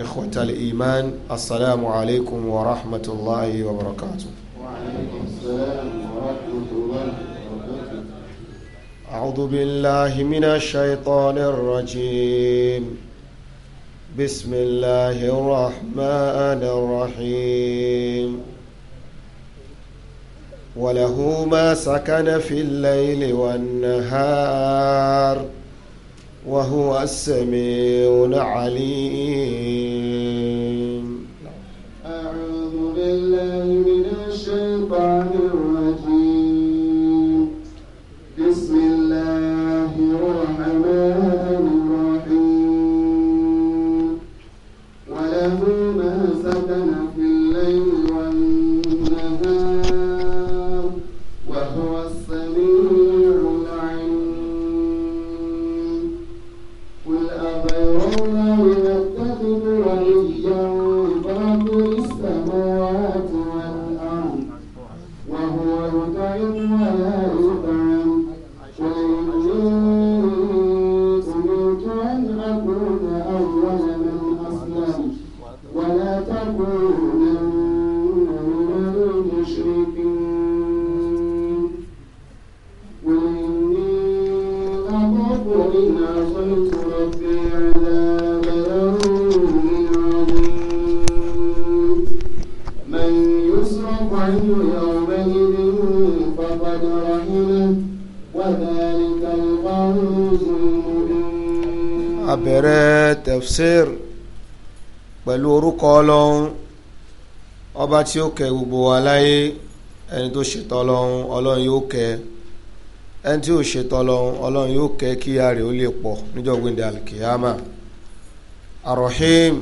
إخوة الإيمان السلام عليكم ورحمة الله وبركاته وعليكم السلام ورحمة الله وبركاته أعوذ بالله من الشيطان الرجيم بسم الله الرحمن الرحيم وله ما سكن في الليل والنهار وهو السميع العليم أعوذ بالله من الشيطان الرجيم بسم الله الرحمن الرحيم a bẹ̀rẹ̀ pẹ̀lú orúkọ ọba tí ó kẹ gbogbo wa láyé ẹni tó ṣètò ọlọ́run ọlọ́run yóò kẹ ẹni tí ó ṣètò ọlọ́run ọlọ́run yóò kẹ kí ààrẹ ó lè pọ̀ níjọ́ gbẹ̀ndẹ̀ alkiyama arohim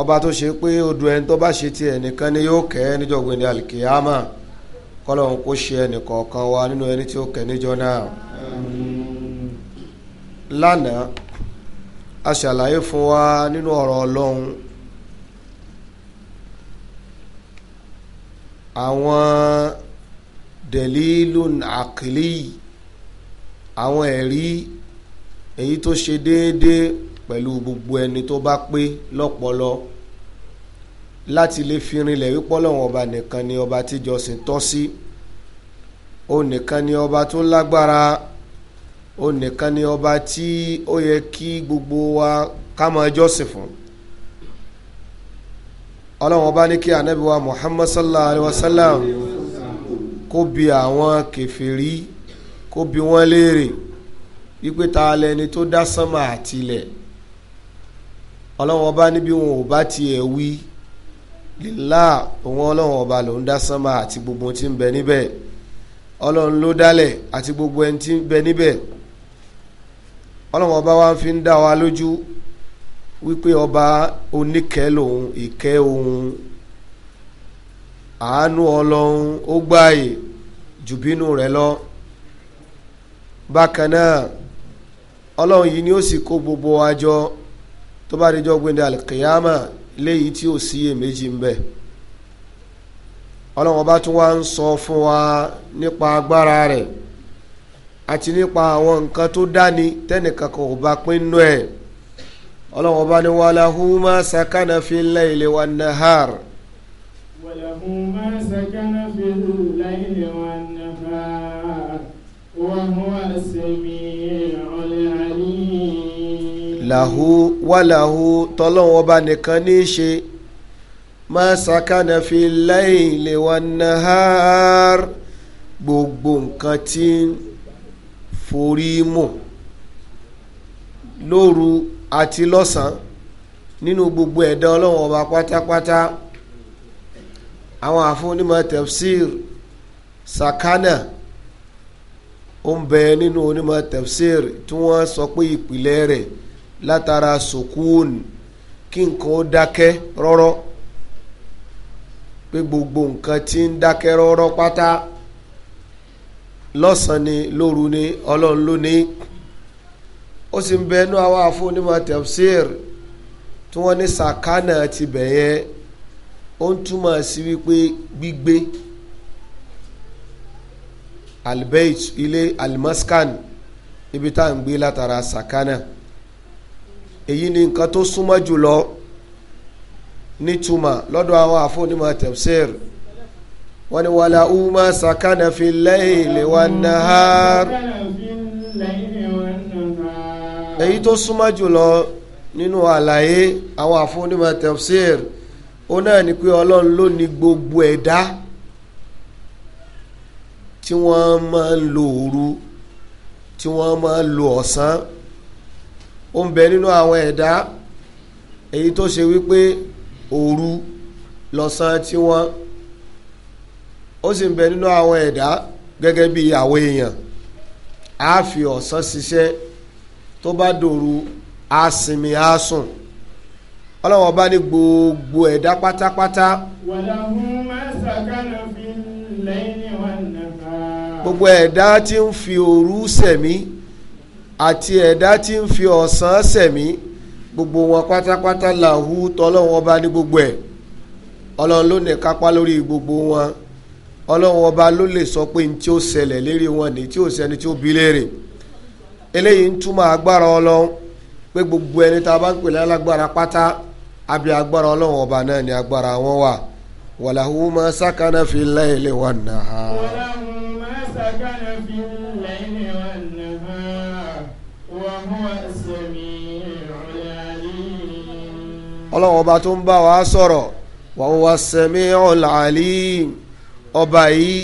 ọba tó ṣe pé odò ẹni tó bá ṣe tiẹ̀ nìkan ni yóò níjọ́ gbẹ̀ndẹ̀ kọ́lọ́run kó lánàá a ṣàlàyé fún wa nínú ọ̀rọ̀ ọlọ́run àwọn dẹ̀lílùn àkìlì àwọn ẹ̀rí èyí tó ṣe déédéé pẹ̀lú gbogbo ẹni tó bá pé lọ́pọlọ láti lè fi rinlẹ̀ wípé Ọlọ́hun ọba nìkan ni ọba tíjọsìn tọ́ sí òun nìkan ni ọba tó lágbára ó nìkan ni ọba tí ó yẹ kí gbogbo wa ká máa jọ́sìn fún ọlọ́run ọba ní kí anabi muhammad sallallahu alayhi wa sallam kó bi àwọn kèfèrí kó bi wọ́n léèrè wípé ta lẹni tó dá sánmà àtilẹ̀ ọlọ́run ọba níbi wọn ò bá tiẹ̀ wí lílá òun ọlọ́run ọba ló ń dá sánmà àti gbogbo tí ń bẹ níbẹ̀ ọlọ́run ló dálẹ̀ àti gbogbo ẹni tí ń bẹ níbẹ̀ ọlọ́run ọba wa fi ń dá wa lójú wípé ọba oníkẹ́ lòun ìkẹ́ òun àánú ọlọ́run ó gbààyè jùbínú rẹ lọ bákan náà ọlọ́run yìí ni ó sì kó gbogbo wa tó bá dijọ́ gbẹ̀ndẹ̀ alikiyama léyìí tí ò sí èméjì ń bẹ ọlọ́run ọba tún wá ń sọ fún wa nípa agbára rẹ̀. àti nípa àwọn nǹkan tó dáni tẹ́nìkan kò bá pín nú ẹ̀ ọlọ́run ọba ní walahuma sakana fil layli wan nahar. walahuma sakana fil layli wan nahar wa huwa as-sami'ul alim. làhú wàlàhú tọ́lọ́run ọba nìkan ní í ṣe ma sakana fil layli wan nahar gbogbo nǹkan tí ń forí mù lóru àti lọ́sàn nínú gbogbo ẹ̀dá ọlọ́run ọba pátápátá àwọn àfúnímọ̀ tafsir sakana ó ń bẹ nínú onímọ̀ tafsir tí wọ́n sọ pé ìpìlẹ̀ rẹ̀ látara sukun kí nǹkan ó dákẹ́ rọ́rọ́ pé gbogbo nǹkan tí ń dákẹ́ rọ́rọ́ pátá lọ́sàn ni lóru ni ọlọ́run ló ní ó sì ń bẹ inú àwọn afúnímọ̀ tafsir tí wọ́n ní sàkánà ti bẹ̀yẹ ó ń túmọ̀ sí wípé gbígbé albeit ilé almaskan ibi tá à ń gbé látara sàkánà èyí ni nǹkan tó súnmọ́ jùlọ nítumọ̀ lọ́dọ̀ àwọn afúnímọ̀ tafsir wọ́n ní wàlà uma sakana fi layli wan nahar èyí tó súnmọ́ jùlọ nínú àlàyé àwọn àfúnnímọ̀ tafsir ó náà ni pé ọlọ́run ló ní gbogbo ẹ̀dá tí wọ́n máa ń lo òru tí wọ́n máa ń lo ọ̀sán ó ń bẹ nínú àwọn ẹ̀dá èyí tó ṣe wípé òru lọ́sàn tí wọ́n ó sì ń bẹ nínú àwọn ẹ̀dá gẹ́gẹ́ bí àwọn èèyàn á fi ọ̀sán ṣiṣẹ́ tó bá dòru á sinmi á sùn ọlọ́wọ́n bá ní gbogbo ẹ̀dá pátápátá. gbogbo ẹ̀dá tí ń fi òru sẹ̀mí àti ẹ̀dá tí ń fi ọ̀sán sẹ̀mí gbogbo wọn pátápátá làhú tọ́lọ́wọ́n bá ní gbogbo ẹ̀ ọlọ́run ló ní kápá lórí gbogbo wọn. ọlọ́run ọba ló lè sọ pé ní tí ó ṣẹlẹ̀ lérí wọn ní tí ó ṣẹni tí ó bi léèrè eléyìí ń túmọ̀ agbára ọlọ́run pé gbogbo ẹni tá a bá ń pè lálágbára pátá àbí agbára ọlọ́run ọba náà ni agbára wọn wà wàláhù wà ọba tó ń ọba yìí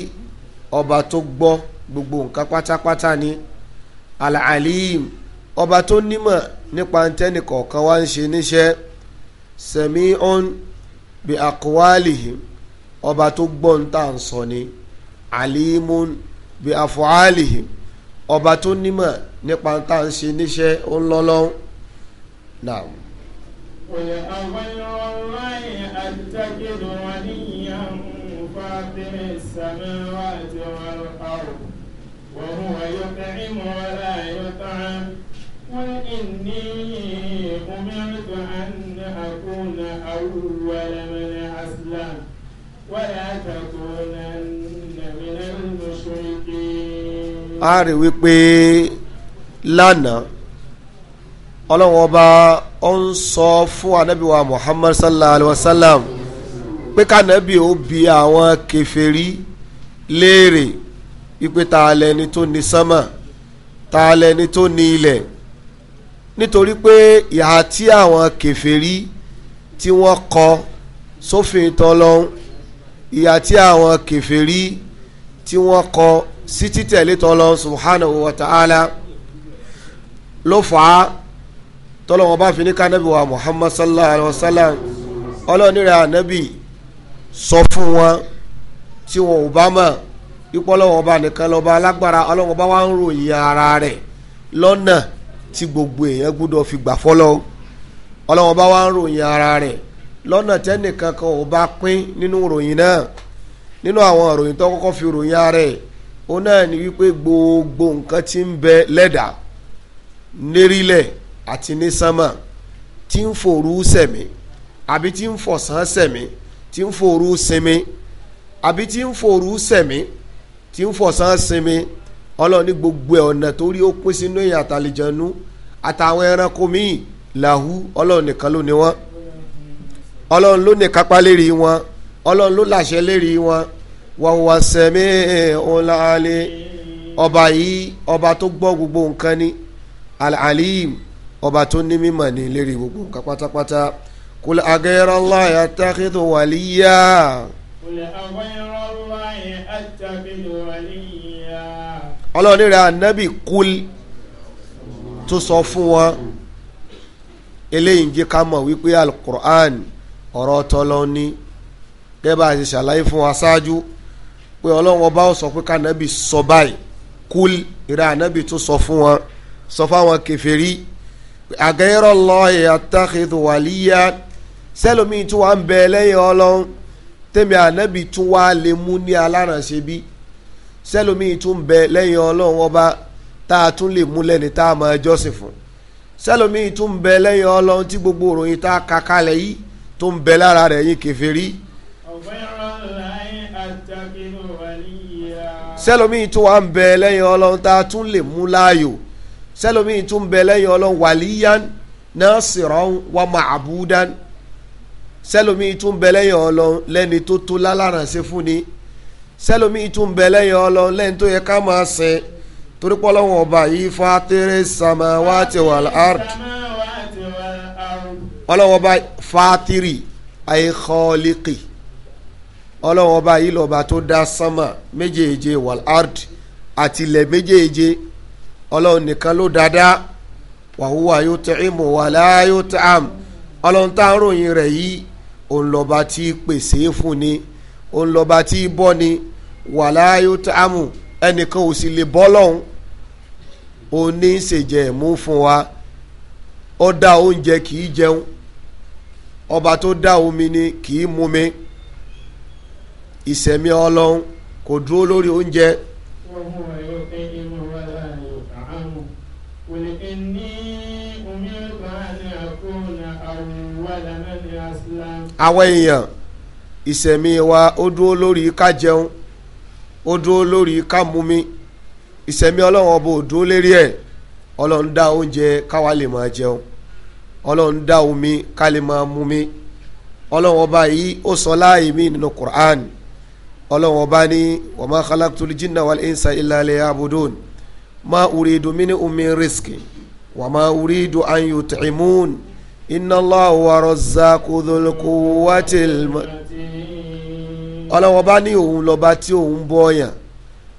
ọba tó gbọ́ gbogbo nǹkan pátápátá ni alalim ọba tó nímọ̀ nípa ntẹ́ni kọ̀ọ̀kan wá ń ṣe níṣẹ́ sami'un bi aqwalihim ọba tó gbọ́ ń tà ń sọ ni alimun bi af'alihim ọba tó nímọ̀ nípa ń tà ń ṣe níṣẹ́ ó ń lọ́lọ́ náà. قل أغير الله أتخذ وليا فاطر السماوات والأرض وهو يطعم ولا يطعم قل إني أمرت أن أكون أول من أسلم ولا تكونن من المشركين a rí wípé lánàá ọlọ́run ọba ń sọ fún anábìwá muhammad sallallahu alayhi wa sallam pé kànábì ó bi àwọn kèfèrí léèrè wípé ta lẹni tó ní sánmà ta lẹni tó ní ilẹ̀ nítorí pé ìhà tí àwọn kèfèrí tí wọ́n kọ sófin tọlọ́hún ìyà tí àwọn kèfèrí tí wọ́n kọ sí títẹ̀lé tọlọ́hún subhanahu wa ta'ala ló fà á tọlọ́hún ọba fi ní kánábì wa muhammad sallallahu alayhi wa sallam ọlọ́ọ̀nìrẹ̀ ànábì sọ fún wọn tí wọn ò bá mọ̀ ipò ọlọ́wọ́n ọba nìkan lọ́ba alágbára ọlọ́wọ́n ọba wa ń ròyìn ara rẹ̀ lọ́nà tí gbogbo èèyàn gbọ́dọ̀ fi gbà fọ́lọ́ ọlọ́wọ́n ọba wa ń ròyìn ara rẹ̀ lọ́nà tẹ́nìkan kan ò bá pín nínú ròyìn náà nínú àwọn ròyìn tó kọ́kọ́ fi ròyìn ara rẹ̀ ó náà ní wípé gbogbo nǹkan ti ń bẹ lẹ́dà lérílẹ̀ àti ní sánmà tí ń forú sẹ̀mí àbí tí ń fọ̀sán sẹ̀mí tí ń fòru sinmi àbí tí ń fòru sẹ̀mí tí ń fọ̀sán sinmi ọlọ́run ní gbogbo ẹ̀ ọ̀nà tó rí ó pín sínú èèyàn àtàlejànú àtàwọn ẹranko míì làhú ọlọ́run nìkan ló ní wọ́n ọlọ́run ló ní kápá lérí wọn ọlọ́run ló làṣẹ lérí wọn wọ́n wá sẹ́mi ọ̀làlẹ́ ọba yìí ọba tó gbọ́ gbogbo nǹkan ni alalim ọba tó ní mímọ̀ ní lérí gbogbo nǹkan pátápátá. قل أغير الله يتخذ وليا قل أغير الله أتخذ وليا ọlọ́run ní rẹ̀ ànábì kúl tó sọ fún wọn eléyìí ń jẹ́ ká mọ̀ wípé alukur'an ọ̀rọ̀ tọ́lọ́ ní gẹ́gẹ́ bá a ṣe ṣàlàyé fún wa ṣáájú pé ọlọ́run ọba ó sọ pé kánábì sọ báyìí kúl ìrẹ́ ànábì tó sọ fún wọn sọ fáwọn kèfèrí àgẹ́rọ̀ lọ́ọ̀yà tákìdù wàlíyà sẹ́lómi tún wá ń bẹ lẹ́yìn ọlọ́run tẹ̀mí ànábì tún wá lè mú ní alárànṣe bí sẹ́lómi tún bẹ lẹ́yìn ọlọ́run ọba tá a tún lè mú lẹ́ni tá a máa jọ́sìn fún sẹ́lómi tún bẹ lẹ́yìn ọlọ́run tí gbogbo òròyìn tá a kà kalẹ̀ yìí tó ń bẹ lára rẹ̀ yín kèfèrí. sẹ́lómi tún wá ń bẹ lẹ́yìn ọlọ́run tá a tún lè mú láàyò sẹ́lómi tún bẹ lẹ́yìn ọlọ́run wàlíyàn nasiran wa ma'budan. Ma sẹ́lómi tún bẹ lẹ́yìn ọlọ́run lẹ́ni tó tó lálàránṣẹ́ fún ni sẹ́lómi tún bẹ lẹ́yìn ọlọ́run lẹ́ni tó yẹ ká máa sìn torí pọ́lọ́wọ́n ọba yìí fatiri samawati wal ard ọlọ́wọ́n ọba fatiri ayé kọ́ọ́líkì ọlọ́wọ́n ọba yìí lọ́ba tó dá sánmà méjèèje wal ard àtìlẹ̀ méjèèje ọlọ́run nìkan ló dáadáa wàhùwà yóò tẹ̀ ẹ́ mọ̀ wàlá yóò tẹ̀ àm ọlọ́run tá a ròyìn rẹ̀ yìí òun lọ́ba tí pèsè fún ni òun lọ́ba tí bọ́ ni wàláyò tààmù ẹnìkan ò sì lè bọ́ lọ́hùn òun ní í ṣèjẹ́ mú fún wa ó dá oúnjẹ kì í jẹun ọba tó dá omi ni kì í mumi ìṣẹ̀mí ọlọ́run kò dúró lórí oúnjẹ. wọ́n mú ẹ̀rọ pé irun àwọn èèyàn ìsẹ̀mí wa ó dúró lórí ká jẹun ó dúró lórí ká mumi ìsẹ̀mí ọlọ́run ọba ò dúró lérí ẹ̀ ọlọ́run dá oúnjẹ káwa lè máa jẹun ọlọ́run dá omi ká lè máa mumi ọlọ́run ọba yìí ó sọ láàyè mí nínú Qur'an ọlọ́run ọba ní wa ma khalaqtul jinna wal insa illa liya'budun ma uridu minhum min rizqi wa ma uridu an yut'imun. inna Allahu wa razzaqu dhul quwwatil bá ní òun lọ́ba tí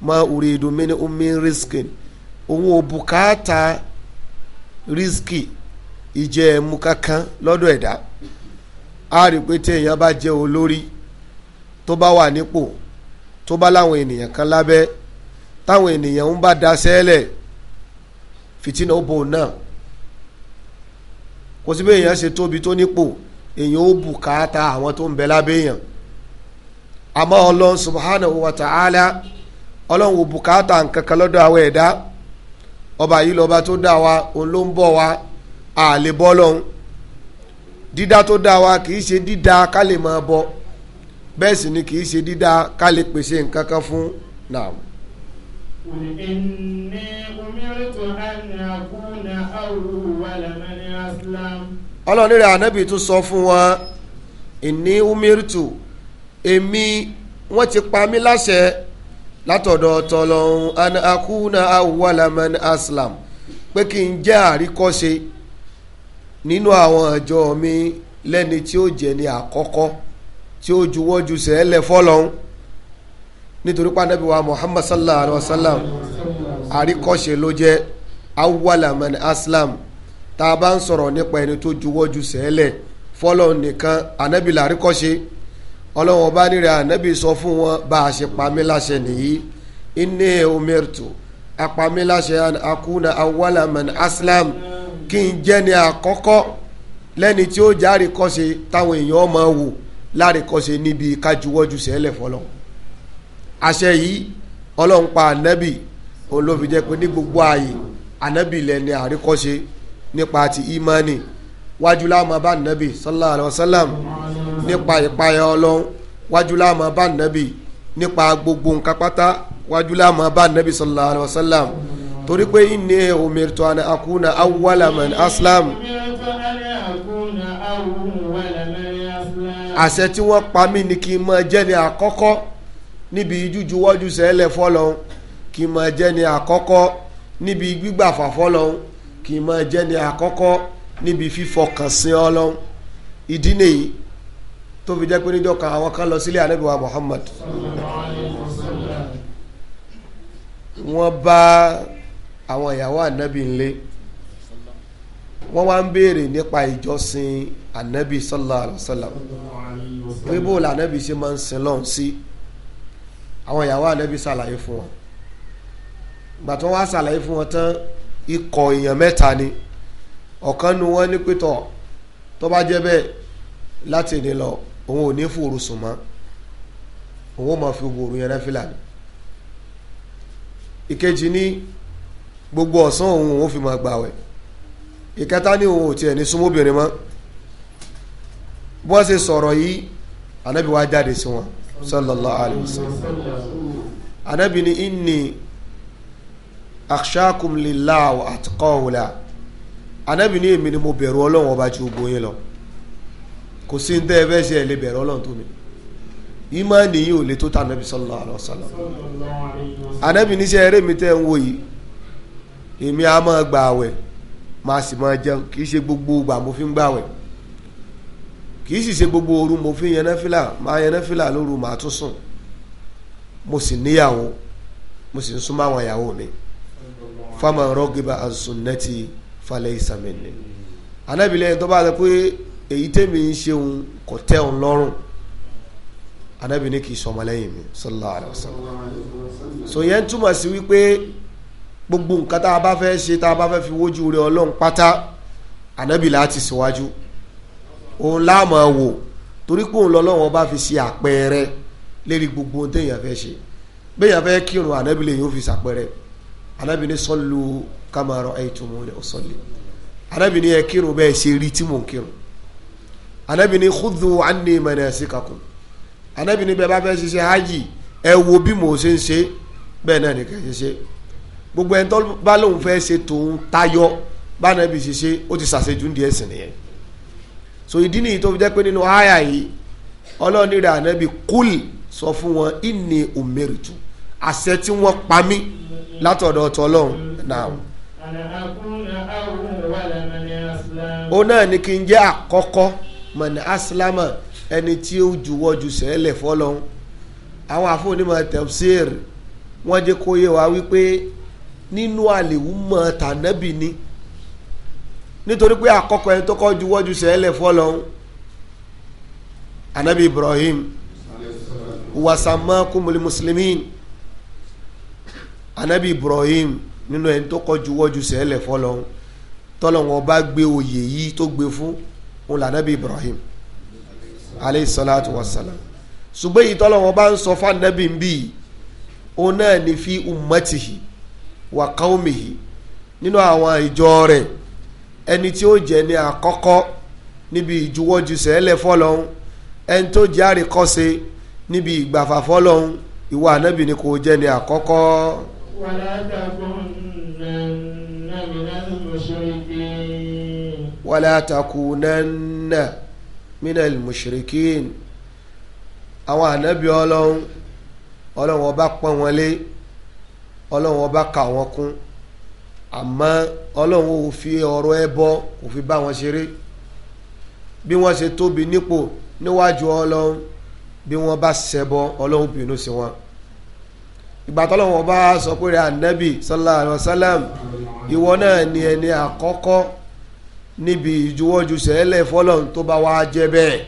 ma uridu minhum min riskin kankan lọ́dọ̀ a rí pé tí èèyàn bá jẹ́ olórí tó bá wà nípò tó bá láwọn ènìyàn kan táwọn ènìyàn ń bá kò sí se èèyàn ṣe tóbi tó nípò èèyàn ó bùkátà àwọn tó ń bẹ lábẹ́ èèyàn àmọ́ ọlọ́run subhanahu wa ta'ala ọlọ́run ò bùkátà nkankan lọ́dọ̀ àwọn ẹ̀dá ọba yìí lọ́ba tó dá wa òun ló ń bọ̀ wa àlè bọ́ dídá tó dá wa kì í ṣe dídá ká lè máa bọ bẹ́ẹ̀ sì ni kì í ṣe dídá ká lè pèsè قل إني أمرت أن أكون أول من أسلم ọlọ́run rẹ̀ ànábì tún sọ fún wọn ìní umirtu èmi wọ́n ti pa mí láṣẹ látọ̀dọ̀ tọlọ́hun an akuna awalaman aslam pé kí n jẹ́ àríkọ́ṣe nínú àwọn ìjọ mi lẹ́ni tí ó jẹ́ ní àkọ́kọ́ tí ó juwọ́ ju sẹ́ẹ̀lẹ̀ fọ́lọ́hun nítorí pé wa muhammad sallallahu alayhi wa sallam àríkọ́ṣe ló jẹ́ awwalaman aslam tá a bá ń sọ̀rọ̀ nípa ẹni tó juwọ́jú sẹ́lẹ̀ fọlọ́n nìkan anabi làríkọ́ṣe ọlọ́wọ́n bá nírẹ̀ anabi sọ fún wọn bá a ṣe pa mí láṣẹ nìyí inni umirtu apami akuna awwalaman aslam kí n jẹ́ ni àkọ́kọ́ lẹ́ni tí ó jẹ́ àríkọ́ṣe táwọn èèyàn máa wò láríkọ́ṣe níbi kájuwọ́jú sẹ́lẹ̀ fọlọ́n àṣẹ yìí ọlọ́run pa ànábì òun ló fi jẹ́ pé ní gbogbo ààyè ànábì lẹ́ni àríkọ́ṣe nípa ti ìmánì wájú láàmú bá ànábì sallallahu alayhi wa sallam nípa ìpayà ọlọ́run wájú láàmú bá ànábì nípa gbogbo nǹkan pátá wájú láàmú bá ànábì sallallahu alayhi wa sallam torí pé inni umirtu an akuna awwala man aslam àṣẹ tí wọ́n pa mí ni kí n máa jẹ́ ni àkọ́kọ́ níbi jújú wọ́jú sẹ́lẹ̀ fọ́lọ́hún kì í máa jẹ́ ni àkọ́kọ́ níbi gbígbàfà fọ́lọ́hún kì í máa jẹ́ ni àkọ́kọ́ níbi fífọkànsìn ọlọ́hún ìdí nìyí tó fi jẹ́ pé níjọ́ kan àwọn kan lọ sílé ànábì wa Muhammad wọ́n bá àwọn ìyàwó ànábì ńlé wọ́n wá ń béèrè nípa ìjọsìn ànábì sallallahu alaihi wasallam pé bó lànábì ṣe máa ń sin lọ́hùn sí. Si àwọn ìyàwó ànábì ṣàlàyé fún wọn gbà tó wá ṣàlàyé fún wọn tán ikọ̀ èèyàn mẹ́ta ni ọ̀kan nu wọn ní pétọ̀ tó bá jẹ́ bẹ́ẹ̀ láti ní lọ òun ò ní fòrò sùn mọ́ òun ò máa fi gbòòrò yẹn náfìlà ni ìkejì ní gbogbo ọ̀sán òun òun fi máa gbàwẹ̀ ìkẹta ní òun ò tiẹ̀ ní súnmọ́bìnrin mọ́ bọ́n ṣe sọ̀rọ̀ yìí ànábì wá jáde sí wọn sallallahu alayhi wa sallam anabi ni inni akhshakum lillah wa atqawla anabi ni èmi ni mo bẹ̀rù ọlọ́run ọba tí o gbóyin lọ kò sí ní tẹ́ẹ̀ fẹ́ẹ́ ṣe ẹ̀ lè bẹ̀rù ọlọ́run tó mi ìmánì yìí ò lè tó ta anabi sallallahu alayhi wa sallam anabi ní sẹ́ eré mi tẹ́ ń wò yìí èmi a máa gbààwẹ̀ màá sì máa jẹun kì í ṣe gbogbo ìgbà mo fi ń gbààwẹ̀ kì í sì ṣe gbogbo òru mo fi yẹn náfìlà máa yẹn náfìlà lóru màá tún sùn mo sì níyàwó mo sì ń súnmọ́ àwọn ìyàwó mi fáwọn rọ́gìbà àsùnnẹ́tì falẹ̀ ìsàmìnì anábìlẹ̀ tó bá sọ pé èyí tèmi ń ṣeun kò tẹ́ òun lọ́rùn anábì ní kì í sọmọlẹ́yìn mi sallallahu alaihi wasallam so yẹn túmọ̀ sí wípé gbogbo nǹkan tá a bá fẹ́ ṣe tá a bá fẹ́ fi wójú rẹ ọlọ́run pátá anábì láti síwájú. Si òun láàmú wò torí pé òun lọ́lọ́wọ́n bá fi ṣe àpẹẹrẹ lérí gbogbo ohun téèyàn fẹ́ ṣe béèyàn fẹ́ kírun ànábì lè yóò fi ṣàpẹẹrẹ ànábì ní sọ́lù kàmáàrọ̀ ẹ̀yìntùmọ̀ ní ọ̀sọ́lẹ̀ ànábì ní ẹ kírun bẹ́ẹ̀ ṣe rí tí mò ń kírun ànábì ní khudhu anni manasikakum ànábì ní bẹ́ẹ̀ bá fẹ́ ṣiṣẹ́ hajj ẹ wo bí mo ń ṣe bẹ́ẹ̀ náà ní kẹ́ẹ́ ṣe gbogbo so ìdí nìyí tó fi jẹ́ pé nínú àyà yìí ọlọ́ọ̀ni rẹ̀ ànábì kúl sọ fún wọn ìní òmèrìtù àṣẹ tí wọ́n pa mí látọ̀dọ̀ tọlọ́run náà. ó náà ní kí n jẹ́ àkọ́kọ́ mọ̀nà áṣílámà ẹni tí ó juwọ́ ju sẹ́lẹ̀ fọlọ́run àwọn àfọwọ́nímọ̀ tẹ̀síìr wọ́n jẹ́ kó yé wa wípé nínú àlèwú mọ̀ tànábì ni nítorí pé àkọ́kọ́ ẹni tó kọ́ juwọ́jú sẹ́lẹ̀ fọ́lọ́hún anabi ibrahim kumuli muslimin anabi ibrahim nínú ẹni tó kọ́ juwọ́jú sẹ́lẹ̀ fọ́lọ́hún tọ́lọ́wọ́n bá gbé oyè yìí tó gbé fún òun lànàbí ibrahim aleyhi salatu wa salam ṣùgbọ́n èyí tọ́lọ́wọ́n bá ń sọ fún anabi ń bíi ní fi ummatihi wa qawmihi nínú àwọn ìjọ rẹ̀ ẹni tí ó jẹ́ ní àkọ́kọ́ níbi ìjuwọ́jusẹ̀ ẹlẹ́ fọ́lọ́hún ẹni tó jẹ́ àríkọ́ṣe níbi ìgbàfà fọ́lọ́hún ìwà ànábì ni kò jẹ́ ní àkọ́kọ́. wàlá takunanna minal mushrikin àwọn ànábì ọlọ́hún ọlọ́hún ọba pọ́n wọn lé ọlọ́hún ọba kà wọ́n kún àmọ́ ọlọ́run ò fi ọ̀rọ̀ ẹbọ kò fi bá wọn ṣeré bí wọ́n ṣe tóbi nípò níwájú ọlọ́run bí wọ́n bá ṣẹbọ ọlọ́run bínú sí wọn ìgbà tọ́lọ́run ọba sọ pé rẹ̀ ànábì sallallahu alayhi wa sallam ìwọ náà ni ẹni àkọ́kọ́ níbi ìjuwọ́jú sẹ́lẹ̀ fọlọ́run tó bá wá jẹ́ bẹ́ẹ̀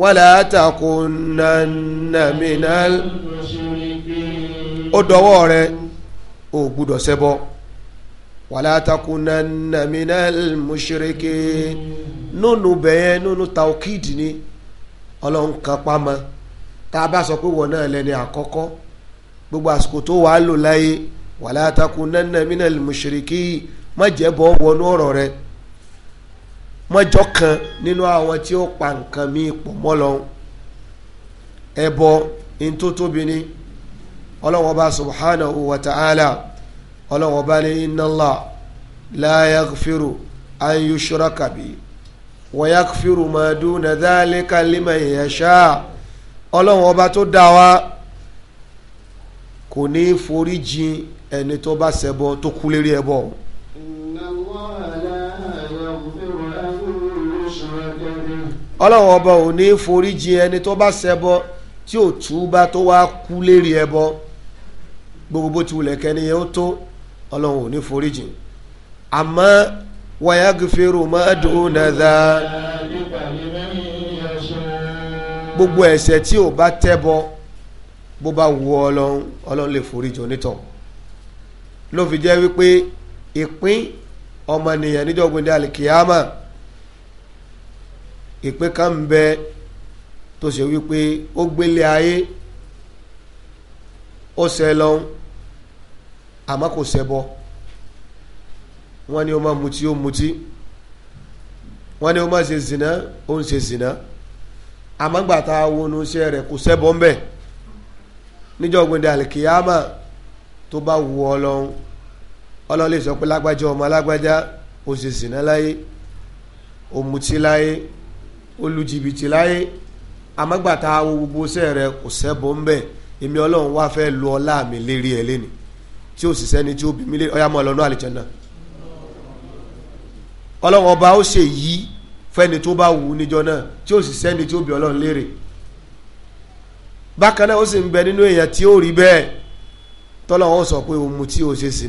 wala takunanna minal ó dọwọ́ rẹ ò gbúdọ̀ ṣẹbọ wàlá takunanna minal mushrikin nùnú bẹ́ẹ̀ nùnú taokid ni ọlọ́run kan pamọ́ tá a bá sọ pé wọ́n náà lẹ́ni àkọ́kọ́ gbogbo àsìkò tó wàá lò láyé wàlá takunanna minal mushrikin má jẹ́ bọ́ wọnú ọ̀rọ̀ rẹ mọ́jọ́ kan nínú àwọn tí ó pa nǹkan míì pọ̀ mọ́ lọ́hùn ẹbọ ntótóbi ni ọlọ́wọ́n bá subhanahu wa ta'ala ọlọ́run ọba ní inna Allah la yaghfiru an yushraka bi wa yaghfiru ma duna dhalika liman yasha ọlọ́run ọba tó dá wa kò ní forí jìn ẹni tó bá ṣẹbọ tó kú lérí ẹbọ. ọlọ́run ọba ò ní forí jìn ẹni tó bá ṣẹbọ tí ò túbá tó wá kú lérí ẹbọ gbogbo bó wulẹ̀ kẹ́ni yẹn ó tó ọlọ́run ò ní foríjì àmọ́ wàyà gífèrò máa dùn nàdá gbogbo ẹ̀ṣẹ̀ tí ò bá tẹ́bọ bó bá wu ọlọ́run ọlọ́run lè foríjì onítọ̀ ló fi jẹ́ wípé ìpín ọmọnìyàn níjọ́ gbẹ̀dẹ̀ alikiyama ìpín kan ń bẹ tó ṣe wípé ó gbélé ayé ó ṣẹlọ́run àmọ́ kò ṣẹbọ wọ́n ní ó máa mutí ó mutí wọ́n ní ó máa ṣe zìnà ó ń ṣe zìnà àmọ́ gbà tá a wọnú iṣẹ́ rẹ̀ kò ṣẹbọ ńbẹ̀ níjọ́ gbẹ̀dẹ̀ àlìkìyàmà tó bá wù ọ lọ́hún ọlọ́run lè sọ pé lágbájá ọmọ lágbájá ó ṣe zìnà láyé ó mutí láyé ó lu jìbìtì láyé àmọ́ gbà tá a wọ gbogbo iṣẹ́ rẹ̀ kò ṣẹbọ ńbẹ̀ èmi ọlọ́run wá fẹ́ lu ọlá mi lérí ẹ lénìí tí ó sì sẹ́ni tí ó bí mílẹ̀ ọ̀yà mọ́ ọlọ́nà àlìjẹ́nà ọlọ́run ọba ó ṣe yí fẹ́ni tó bá wù ú níjọ náà tí ó sì sẹ́ni tí ó bí ọlọ́run léèrè bákan náà ó sì ń bẹ nínú èèyàn tí ó rí bẹ́ẹ̀ sọ tí ó ṣe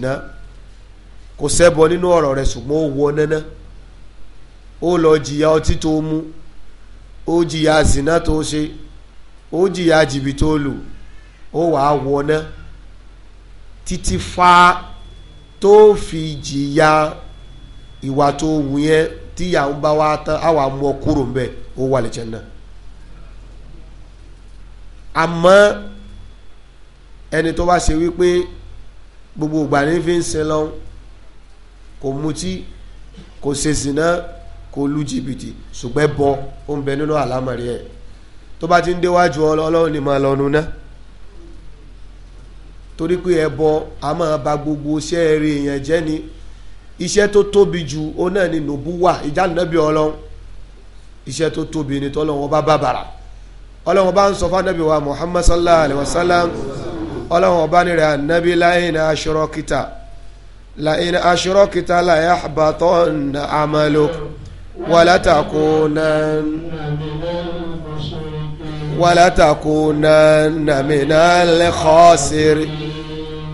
kò sẹ́bọ nínú ọ̀rọ̀ ṣùgbọ́n ó wọ nẹ́nẹ́ ó lọ jìyà ọtí tó ó jìyà tó ṣe ó jìyà lù ó wàá wọ náà títí fa tó fi jìyà ìwà tó wù yẹn tíyà ń bá wa tán á wà mú ọ kúrò ń bẹ ó wà lè jẹ náà àmọ́ ẹni tó bá ṣe wípé gbogbo ìgbà ní fi ń sin lọ kò mutí kò ṣe sìná kò lu jìbìtì ṣùgbọ́n bọ ó ń bẹ nínú àlámọ̀rí ẹ̀ tó bá ti ń déwájú ọlọ́run ni máa lọ náà torí pé ẹbọ a máa ba gbogbo iṣẹ́ eré èèyàn jẹ́ ni iṣẹ́ tó tóbi jù ó náà ni nùbúwà ìjánabi ọlọ́run iṣẹ́ tó tóbi ni tọ́lọ́run bá bàbàrà ọlọ́run bá ń sọ fún anábì wa muhammad sallallahu alayhi wa sallam ọlọ́run bá ní rẹ̀ anábì láyìn aṣọ́rọ́kìtà láyìn aṣọ́rọ́kìtà láyà àbátọ́ nà àmàlò wàlátàkùnán wàlátàkùnán nàmínà lẹ́kọ̀ọ́sìrì.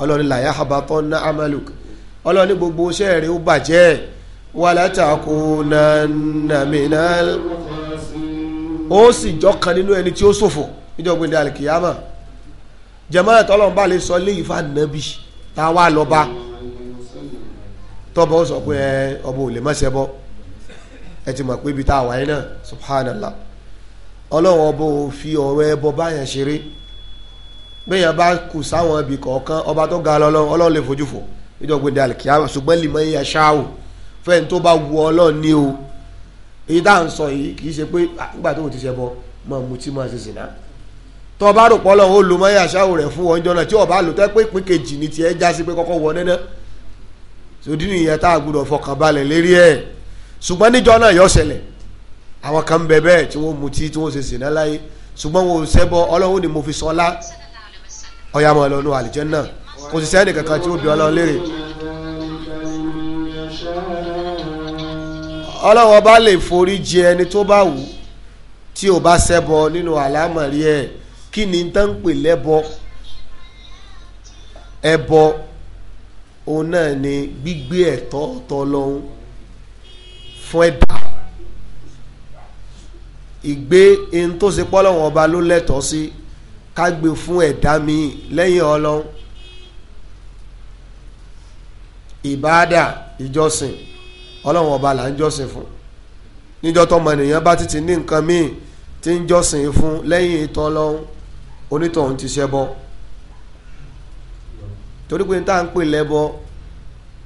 ọlọ́ni làyà àbátọ́ ná amaluk ọlọ́ni gbogbo iṣẹ́ rẹ̀ ó bàjẹ́ wàlá tàkó nàmínà ó sì jọkan nínú ẹni tí ó ṣòfò níjọba ìdí alikiyama jẹmọ́nà tọ́lọ́n bá lè sọ léyìí fún anabi tá a wá lọ bá tọ́bọ̀ sọ pé ọba ò lè mọ́sẹ̀ bọ́ ẹ ti mọ̀ pé ibi tá a wáyé náà subhanallah ọlọ́run ọba ò fi ọ̀rọ̀ ẹbọ báyẹn ṣeré bẹ́ẹ̀ bá kù sáwọn ibì kọ̀ọ̀kan ọba tó ga lọ́lọ́ ọlọ́run lè fojú fò níjọ́ gbé dalẹ̀ kí á ṣùgbọ́n lè mọ iye ṣáàwò fẹ́ni tó bá wu ọlọ́run ní o èyí tá à ń sọ yìí kì í ṣe pé nígbà tó o ti ṣe bọ mọ mutí mọ ṣe sìnà tó o bá rò pọ́ lọ́wọ́ ó lo mọ iye ṣáàwò rẹ̀ fún ọjọ́ náà tí o bá lò tẹ́ pé ìpín kejì ni tiẹ̀ já sí pé kọ́kọ́ wọ nẹ́nẹ́ sòdí nìyẹn tá a gbọdọ̀ fọkàn balẹ̀ lérí ẹ̀ ṣùgbọ́n níjọ́ náà yọ ṣẹlẹ̀ àwọn kan bẹ̀ bẹ́ẹ̀ tí wọ́n mutí tí wọ́n ṣe sìnà láyé ṣùgbọ́n wọn ò ṣẹbọ ọlọ́run ni mo fi sọ ọlá ọ̀yà máa lọ nu àlìjánnà kò sì sẹ́ni kankan tí ó bí ọlọ́run léèrè. ọlọ́run ọba lè forí jì ẹni tó bá wù tí ò bá ṣẹbọ nínú àlámọ̀rí ẹ̀ kí ni tán ń pè lẹ́bọ ẹbọ òun náà ni gbígbé ẹ̀tọ́ tọlọ́hun fún ẹ̀dá ìgbé ẹni tó ṣe pọ́lọ́wọ́n ọba ló lẹ́tọ̀ọ́ sí. Si ká gbé fún ẹ̀dá mi lẹ́yìn ọlọ́run ìbáàdà ìjọsìn ọlọ́run ọba là ń jọsìn fún níjọ́ tọmọ ènìyàn bá ti ti ní nǹkan míì tí ń jọsìn fún lẹ́yìn ìtọ́ ọlọ́run onítọ̀hún ti ṣẹbọ torí pé tá à ń pè lẹ́bọ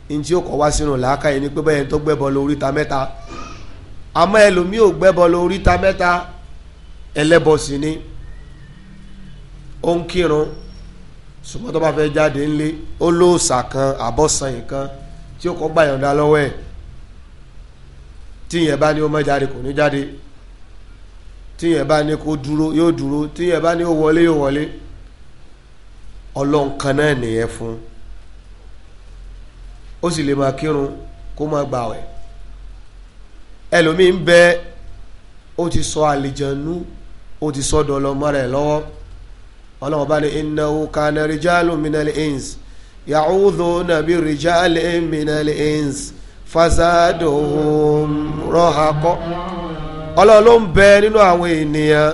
ní tí ó kọ́ wá sínú làákàyè ni pé bẹ́ẹ̀ tó gbẹ́bọ lórí ta mẹ́ta àmọ́ ẹlòmíì ò gbẹ́bọ lórí ta mẹ́ta ẹlẹ́bọ sì ni ó ń kírun ṣùgbọ́n tó bá fẹ́ jáde ńlé ó lóòsà kan àbọ̀sàn nǹkan tí ó kọ́ gbà yọ̀ǹda lọ́wọ́ ẹ̀ tíyẹn bá ní ó má jáde kò ní jáde tíyẹn bá ní kó dúró yóò dúró tíyẹn bá ní ó wọlé yóò wọlé ọlọ́run kan náà nìyẹn fún ó sì lè máa kírun kó máa gbààwẹ̀ ẹlòmíín bẹ́ẹ̀ ó ti sọ àlìjànú ó ti sọ dọlọmọ rẹ̀ lọ́wọ́ ọlọ́run bá ní innahu kana rijalun minal ins ya'udhuna bi rijalin minal ins fasaduhum rahaqa ọlọ́run ló ń bẹ nínú àwọn ènìyàn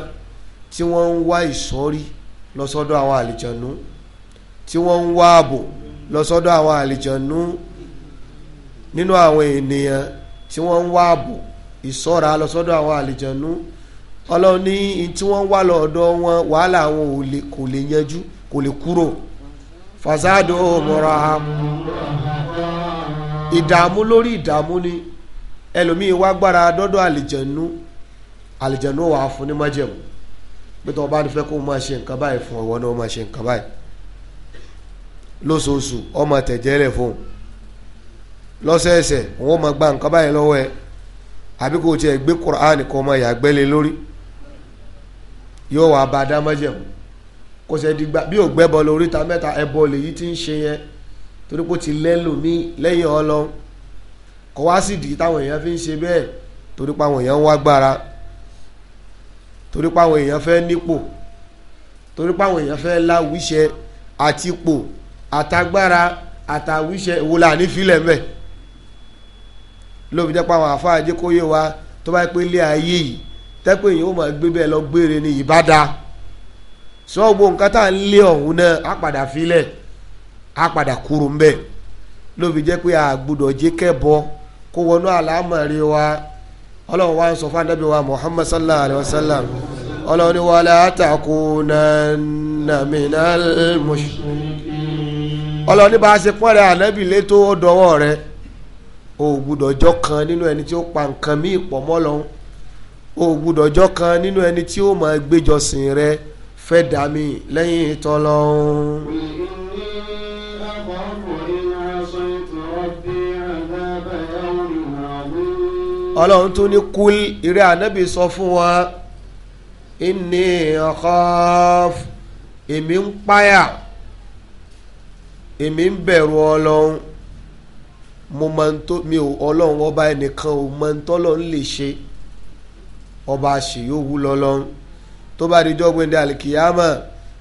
tí wọ́n ń wá ìsọ́rí lọ́sọ́dọ̀ àwọn àlìjànú tí wọ́n ń wá ààbò lọ́sọ́dọ̀ àwọn àlìjànú nínú àwọn ènìyàn tí wọ́n ń wá ààbò ìsọ́ra lọ́sọ́dọ̀ àwọn àlìjànú ọlọ́run ní tí wọ́n wà lọ́dọ̀ wọn wàhálà wọn kò lè yanjú kò lè kúrò fasado muraham ìdààmú lórí ìdààmú ni ẹlòmíín wá gbára dọ́dọ̀ àlìjẹ̀nu àlìjẹ̀nu wà fún ní májẹ̀mú pé tó o bá ní fẹ́ kó o máa ṣe nǹkan báyìí fún ọwọ́ náà o máa ṣe nǹkan báyìí lóṣooṣù ọmọ tẹ̀jẹ́ fún lọ́sẹ̀ẹsẹ̀ wọn máa gba nǹkan báyìí lọ́wọ́ ẹ àbí kò tiẹ̀ gbé Qur'an kọ́ ọmọ yàgbẹ́ lórí yóò wá bá dámọ́jẹ̀mú kò sẹ́ di gba bí ò gbẹ́bọ lọ oríta mẹ́ta ẹbọ lèyí ti ń ṣe yẹn torí pé ó ti lẹ́lò mí lẹ́yìn ọlọ́run kò wá sì dì í táwọn èèyàn fi ń ṣe bẹ́ẹ̀ torí pé àwọn èèyàn ń wá gbára torí pé àwọn èèyàn fẹ́ nípò torí pé àwọn èèyàn fẹ́ láwíṣẹ àtipò àtagbára àtàwíṣẹ ìwòlà nífìlẹ̀ mẹ́ lóbi jẹ́ pé àwọn àfáà yé wa tó bá pé ilé ayé yìí tẹ́pẹ́ èyàn ó máa gbé bẹ́ẹ̀ lọ gbére ní ìbáda sọ́gbó nǹkan tá à ń lé ọ̀hún náà á padà filẹ̀ á padà kúrò ń bẹ̀ ló fi jẹ́ pé àgbùdọ̀ jẹ́ kẹ́bọ kó wọnú àlámọ̀rí wa ọlọ́run wa ń sọ fún anábì Muhammad sallallahu alayhi wa sallam ọlọ́run ọlọ́run a ṣe pọ́n ànábì létò ọ̀dọ́wọ́ o gbúdọ̀ jọ kan nínú ẹni tí ó máa gbéjọsìn rẹ fẹ́ dà mí lẹ́yìn tọ́lọ́hún. ọlọ́run tún ní kúl ìrẹ́ ànábì sọ fún wọn inni akhaf èmi ń páyà èmi ń bẹ̀rù ọlọ́run mo máa ń tó mi ò ọlọ́run ọba ẹnìkan ò máa ń tọ́lọ́run lè ṣe ọba àṣeyọwú lọ́lọ́run tó bá di jọ́gbìn dé àlìkìyàmọ̀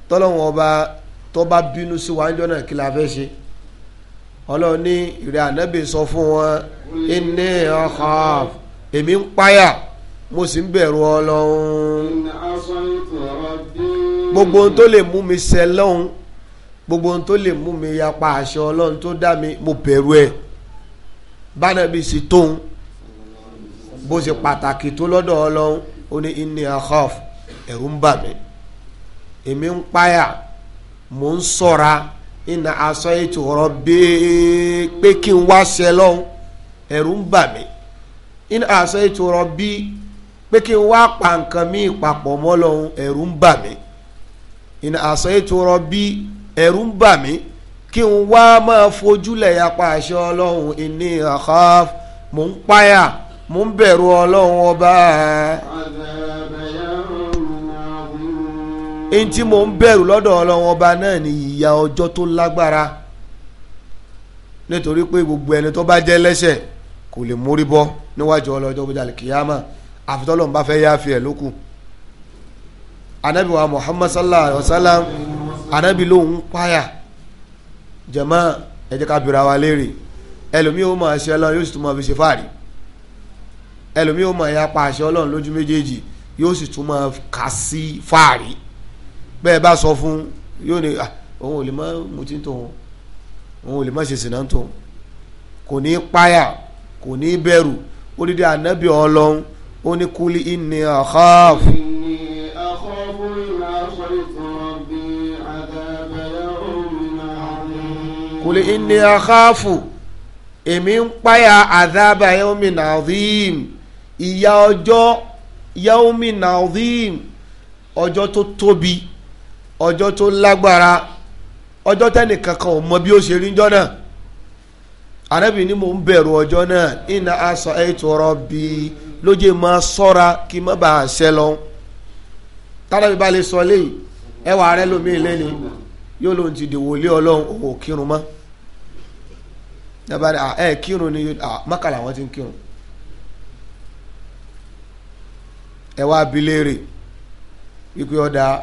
tọ́lọ́wọ́n ọba tó bá bínú sí wa níjọ́ náà kí la fẹ́ ṣe ọlọ́run ní ìrẹ́ ànábì sọ fún wọn inni akhaf èmi ń páyà mo sì ń bẹ̀rù ọlọ́run gbogbo ohun tó lè mú mi ṣẹ lọ́hùn gbogbo ohun tó lè mú mi yapa àṣẹ ọlọ́run tó dá mi mo bẹ̀rù ẹ̀ bánàbì sì tóun bó ṣe pàtàkì tó lọ́dọ̀ ọlọ́run ó ní inni akhaf ẹ̀rù ń bà mí èmi ń páyà mò ń ṣọ́ra iná aṣọ ètò ọ̀rọ̀ bíi pé kí n wá ṣe lọ́hùn ẹ̀rù ń bà mí iná aṣọ ètò ọ̀rọ̀ bíi pé kí n wá pa nǹkan mí papọ̀ mọ́ lọ́hùn ẹ̀rù ń bà mí iná aṣọ ètò ọ̀rọ̀ bíi ẹ̀rù ń bà mí kí n wá máa fojú lẹ̀ yapa àṣẹ ọlọ́hùn inni akhaf mò ń páyà. mo ń bẹ̀rù ọlọ́run ọba ẹni tí mo ń bẹ̀rù lọ́dọ̀ ọlọ́run ọba náà ni ọjọ́ tó lágbára nítorí pé gbogbo ẹni tó bá jẹ́ lẹ́sẹ̀ kò lè mórí bọ́ níwájú ọlọ́jọ́ bá fẹ́ ẹ̀ lókù muhammad sallallahu wa sallam anabi lòun jẹ̀mọ́ ẹlòmíì ó mọ̀ ẹ̀yà pa àṣẹ ọlọ́run lójú méjèèjì yóò sì tún máa kà sí fáàrí bẹ́ẹ̀ bá sọ fún yóò ní ah, òun ò lè má mutí tó òun òun ò lè má ṣe sìnà tó òun kò ní páyà kò ní bẹ̀rù ó dídí ànábì ọlọ́run ó ní kúlí ìní àkọ́f. kúlí ìní àkọ́fù èmi ń páyà àdábàyẹ́wòmí nàdím. ìyá ọjọ́ yaomi naudhim ọjọ́ tó tóbi ọjọ́ tó lágbára ọjọ́ kan ò mọ bí ó ṣe rí jọ́ náà arábìnrin ni mò ń bẹ̀rù ọjọ́ náà iná aṣọ ètò ọ̀rọ̀ bíi lóye máa sọ́ra kí má bàa ṣẹ lọ tálábì bá lè sọ ẹwà rẹ lómi yóò lóun ti dìwò ọlọ́run ẹwà wá bi léèrè wípé ọ̀dà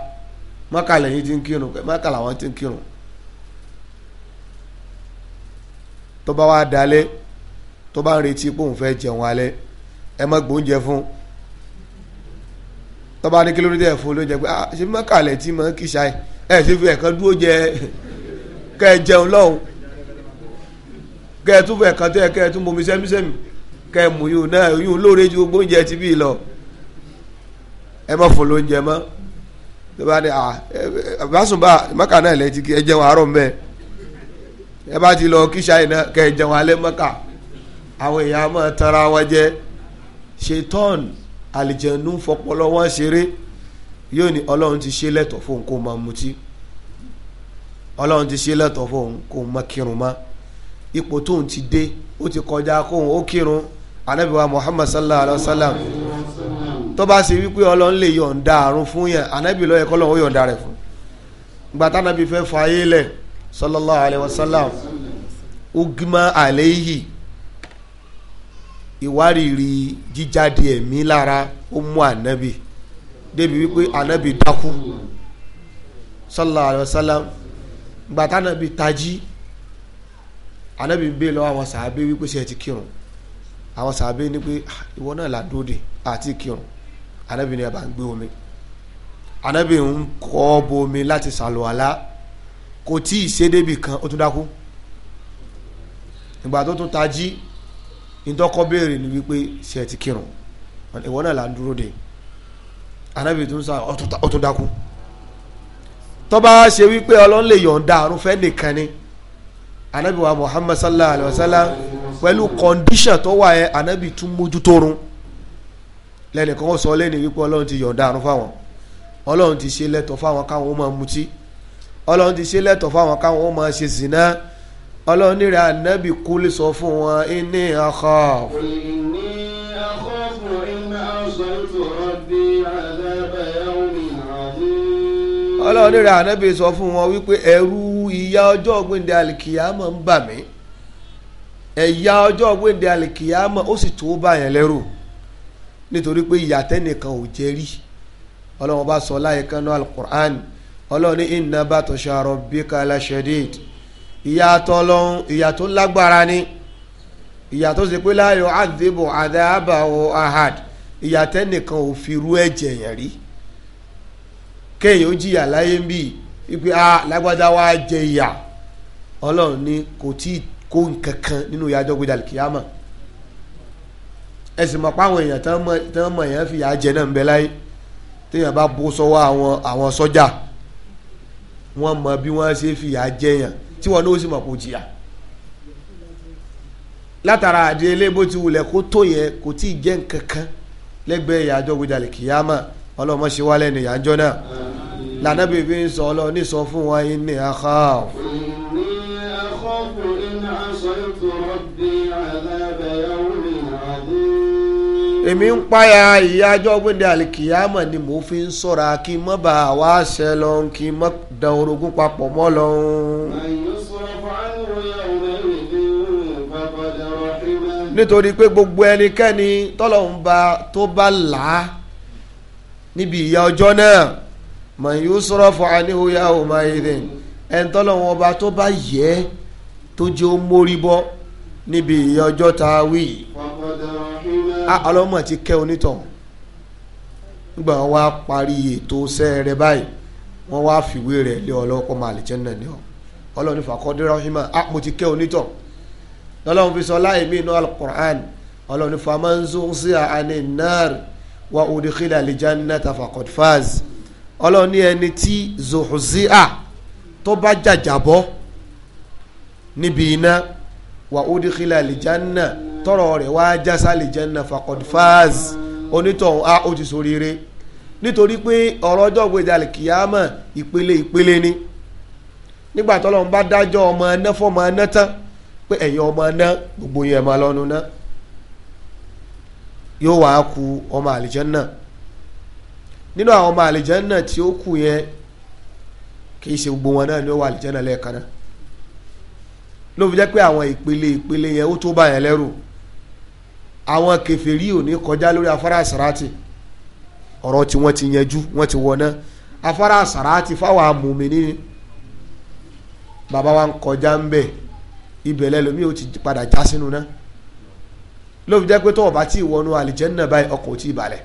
ti ń kírun Mákà làwọn ti ń kírun tó bá wá tó bá ń retí pé òun jẹun alẹ́ ẹ má gbóúnjẹ fún tó bá ní kí ló fún lóúnjẹ pé ah ṣe tí kìsà ṣe fi dúró jẹ ẹ jẹun ẹ tún fún ẹ tún mọ omi sẹ́mísẹ́mì kẹ́ ẹ mú náà ẹ má fún lóúnjẹ mọ́ tó bá ní àbásùnbà mọ́kà náà lẹ́ ti ẹ jẹun àárọ̀ mbẹ́ ẹ bá ti lọ kíṣà yìí náà kẹ́ ẹ jẹun alẹ́ mọ́kà àwọn èèyàn máa tara wọn jẹ ṣetán àlìjẹ̀nu fọpọlọ wọn ṣeré yóò ní ọlọ́run ti ṣe lẹ́tọ̀ fóun kó máa mutí ọlọ́run ti ṣe lẹ́tọ̀ fóun kó máa kírun mọ́ ipò tóun ti dé ó ti kọjá kóun ó kírun anabiwa muhammad sallallahu alaihi wa sallam tó bá ṣe wípé ọlọ́run lè yọ̀ǹda àrùn fún yẹn ànábì ló yẹ kọ́ lọ́wọ́ yọ̀ǹda rẹ̀ fún gbàtà nàbí fẹ́ fà ayé lẹ̀ sallallahu alayhi wa sallam ugma alayhi ìwárìrì jíjáde ẹ̀mí lára ó mú ànábì débi wípé ànábì dákú sallallahu alayhi wa sallam gbàtà nàbí tají ànábì ń bẹ lọ́wọ́ àwọn sàábé wípé ṣe ti kírun àwọn sàábé ní pé ah, ìwọ náà là dóde àti kírun anabi ni ẹ̀bà ń gbé omi anabi ń kọ́ bomi láti sàlùwàlá kò tí ì ṣe débi kan ó tún dákú ìgbà tó tún tají ìtọ́kọ́ béèrè ni wípé ṣe ẹ ti kírun ìwọ náà là ń dúró de anabi tún sá ó tún dákú tọ́ba ṣe wípé ọlọ́run lè yọ̀ǹda àrùn nìkan ni anabi wa muhammad sallallahu alayhi wa sallam pẹ̀lú kọ́ndíṣàn tó wà yẹn anabi tún mójútó run lẹ́nìkan ó sọ lẹ́ni wípé ọlọ́run ti yọ̀ǹda àrùn fáwọn ọlọ́run ti ṣe lẹ́tọ̀ fáwọn káwọn ó máa mutí ọlọ́run ti ṣe lẹ́tọ̀ fáwọn káwọn ó máa ṣe zina ọlọ́run nírẹ̀ ànábì kúlẹ̀ sọ fún wọn ẹni àkọ́. ọlọ́run nírẹ̀ ànábì sọ fún wọn wípé ẹ̀rù ìyà ọjọ́ ọ̀gbìndé alikiyama ń bà mí ẹ̀yà ọjọ́ ọ̀gbìndé alikiyama ó sì tó báyẹn lẹ́rù. nítorí pé ìyàtẹ́ nìkan ò jẹ́ rí ọlọ́run bá sọ láyé kanú alukur'an ọlọ́run ní inna batasha rabbika lashadid ìyàtọ̀ ọlọ́run ìyàtọ̀ lágbára ni ìyàtọ̀ sì pé la yu'adhibu adhabahu ahad ìyàtẹ́ nìkan ò fi rú ẹ̀jẹ̀ yẹn rí kéèyàn ó jìyà láyé ń bì wípé a ah, lágbádá wa jẹ ìyà ọlọ́run ní kò tí kó nǹkan kan nínú ìyàjọ́ gbẹdàlì kìyàmà ẹ sì mọ̀ pé àwọn èèyàn tán mọ̀ èèyàn fìyà jẹ náà ń bẹ láyé téèyàn bá bó sọ́wọ́ àwọn àwọn sọ́jà wọ́n mọ bí wọ́n ṣe fìyà jẹyàn tí wọ́n ló sì mọ̀ kó jìyà látara àdé elébo ti wulẹ̀ kó tó yẹ kò tí ì jẹ́ nǹkan kan lẹ́gbẹ̀ẹ́ ìyàjọ́ gbẹdàlẹ̀ kìyàmà ọlọ́mọ ṣe wálẹ̀ ní ìyàjọ́ náà lànà bèbè ń sọ ọlọ́ọ̀ ní sọ fún wọn ní àká. ìní àkọ́kùn iná sọ ètò rọ̀bì àlàbẹ̀yọ́ èmi ń páyà ìyájọ́ gbẹ̀dẹ̀ àlìkìyàmọ̀ ni mò ń fi ń sọ̀ra kí n mọ́ bá a wá ṣẹ lọ kí n mọ́ dán orogún papọ̀ mọ́ lọ. nítorí pé gbogbo ẹnikẹ́ni tọ́lọ́hún bá tó bá là á níbi ìyà ọjọ́ náà mọ̀ yóò sọ̀rọ̀ fún aníhóyà ọmọ ẹ̀dẹ̀ ẹni tọ́lọ́hún ọba tó bá yẹ tó jẹ́ ó mórí bọ́ níbi ìyà ọjọ́ tá a wí. Ah, ọlọ́mọ ti kẹ́ onítọ̀hún nígbà wọn wá parí ètò sẹ́ẹ̀rẹ́ báyìí wọ́n wá fìwé rẹ̀ lé ọlọ́pọ̀ máa lè jẹ́nà ní ọ ọlọ́run fà kọ́ dúró ṣí máa mo ti kẹ́ onítọ̀ lọ́lọ́run fi sọ láì mí inú alukur'an ọlọ́run fà máa ń zún sí àánì náà wà òdìkílà aljannata faqad faz ọlọ́run ní ẹni tí zuhuzia tó bá jàjàbọ́ níbi iná wà òdìkílà aljannata tọrọ rẹ̀ wá jásálì jẹ́nà faqad faz onítọ̀hún a ó ti ṣoríire nítorí pé ọ̀rọ̀ ọjọ́ ìgbèjà kìyàmọ̀ ìpele ìpele ni nígbà tọ́lọ́ ń bá dájọ́ ọmọ ẹná fọmọ ẹná tán pé ẹ̀yin ọmọ ẹná gbogbo yẹn máa lọ́nu ná yóò wá ku ọmọ àlìjẹ́nà nínú àwọn ọmọ àlìjẹ́nà tí ó kù yẹn kì í ṣe gbogbo wọn náà ni ó wà àlìjẹ́nà lẹ́ẹ̀kan náà ló fi jẹ́ pé àwọn ìpele ìpele yẹn ó tó bá yẹn lẹ́rù àwọn kèfèrí ò ní kọjá lórí afárá àsàràtì ọ̀rọ̀ tí wọ́n ti yanjú wọ́n ti wọná afárá àsàràtì fáwọn amòmìnì bàbá wa ń kọjá ń bẹ̀ ibẹ̀ lẹ́lòmíì ó ti padà já sínú náà ló fi jẹ́ pé tó o bá tí ì wọnú àlìjẹ́nà báyìí ọkọ̀ tí ì balẹ̀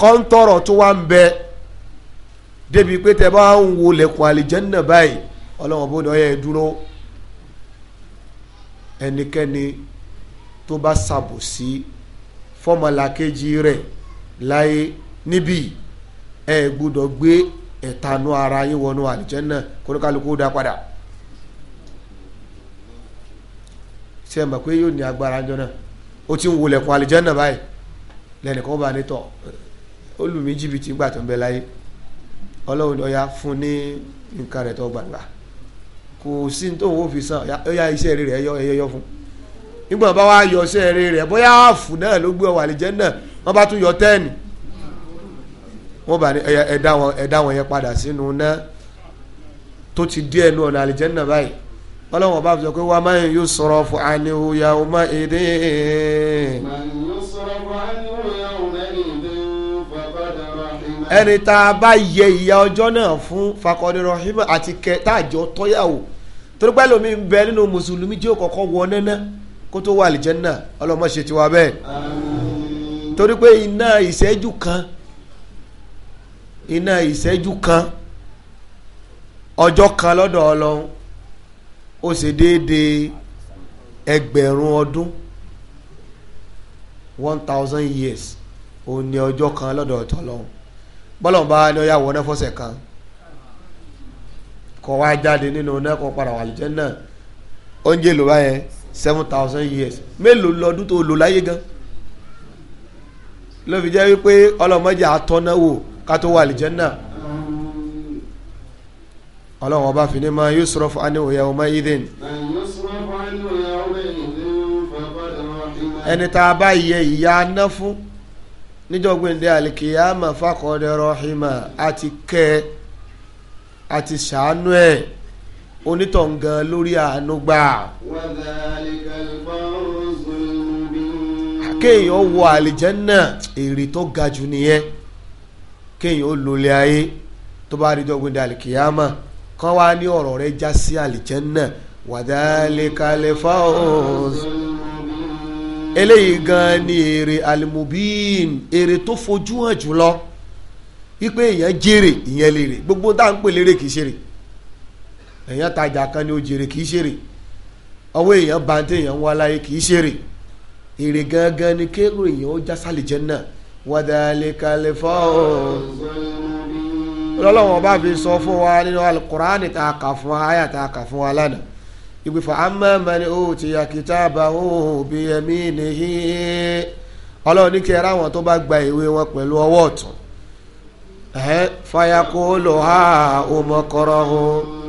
kọ́ńtọ̀rọ̀ tó wá ń bẹ débi pé tẹ bá ń wo lẹ̀kùn àlìjẹ́nà báyìí ọlọ́wọ́n bó ni ọ yẹ dúró ẹnikẹ́ni tó bá ṣàbòsí fọmọlàkejì rẹ̀ láyé níbí ẹ gbọ́dọ̀ gbé ẹ̀tanú ara yín wọnú àlìjẹ́nà kóníkálukú dá padà ṣe é mọ̀ pé yóò ní agbára jọ náà ó ti ń wulẹ̀ kún àlìjẹ́nà báyìí lẹ́nìkan bá ní tọ̀ ó lù mí jìbìtì gbà tó ń bẹ láyé ọlọ́run ni ọya fún ní nǹkan rẹ̀ tó gbàgbà kò sí ní tó ń fi sàn ọya iṣẹ́ rẹ̀ ẹ̀yọ́ ẹ̀yọ́ fún un nígbà bá wá yọ ọsẹ eré rẹ bóyá àfù náà ló gbé ọwà àlejẹ náà wọn bá tún yọ tẹ́ẹ̀nì wọn bá ní ẹ̀dá wọn ẹ̀dá wọn yẹn padà sínú náà tó ti díẹ̀ nù ọ̀nà àlejẹ náà báyìí wọn lọ́wọ́ bá fi sọ pé wà á máa yóò sọ̀rọ̀ fún àníwò ya ó má èdè. ẹni tá a bá yẹ ìyà ọjọ́ náà fún fakọ́dẹ́rọ̀ hímọ̀ àti kẹta àjọ tọ́yàwó torí lómi ń bẹ nínú mùsùlùmí tí yóò wọ náná kó tó wà àlìjẹ́nà ọlọ́mọ ṣe tiwa bẹ́ẹ̀ torí pé iná ìṣẹ́jú kan iná ìṣẹ́jú kan ọjọ́ kan lọ́dọ̀ ọlọ́run ó ṣe déédéé ẹgbẹ̀rún ọdún one thousand years ó ní ọjọ́ kan lọ́dọ̀ ọ̀tọ̀lọ́run bọ́lọ̀ bá ní ọyá fọ́sẹ̀ kan wá jáde nínú náà padà wà lìjẹ́ náà oúnjẹ ló bá yẹn seven thousand years mélòó lọ́dún tó lò láyé gan ló fi jẹ́ wípé ọlọ́mọdé àtọ́náwó ká tó wà àlìjẹ́nà ọlọ́run ọba fi ní ma yusraf anhu yawma idhin ẹni tá a bá yẹ ìyá aná fún níjọ́gbìndé alikiyama faqad rahima àti kẹ́ àti ṣàánú ẹ̀ onítọ̀hún gan lórí àánú gbà. kéèyàn wọ àlìjẹ́nà èrè tó ga jù nìyẹn kéèyàn ó lólè ayé tó bá rí dọ́gbìn dàlí kìyàmà kán wá ní ọ̀rọ̀ rẹ̀ já sí àlìjẹ́nà wàdálẹ́kalẹ̀ fáwọn eléyìí gan ni èrè alimubin èrè tó fojú hàn jùlọ wípé èèyàn jèrè ìyẹn lè rè gbogbo dáhùn pè lérè kìí ṣe rè èèyàn tajà kan ni ó jèrè kì í ṣèrè ọwọ́ èèyàn bá ń téèyàn ń wá láyé kì í ṣèrè èrè gangan ni kéèrò èèyàn ó já sálì jẹ́ náà wàdàlẹ̀ kalẹ̀ fọ́ọ̀. lọ́lọ́wọ́n bá fi sọ fún wa nínú alukur'ani tá kà fún wa àyà tá a kà fún wa lánàá ibi fa amma man utiya kitabahu bi yaminihi ọlọ́run ní kí ẹ ráwọn tó bá gba ìwé wọn pẹ̀lú ọwọ́ ọ̀tún fayakulu ha umqrahu.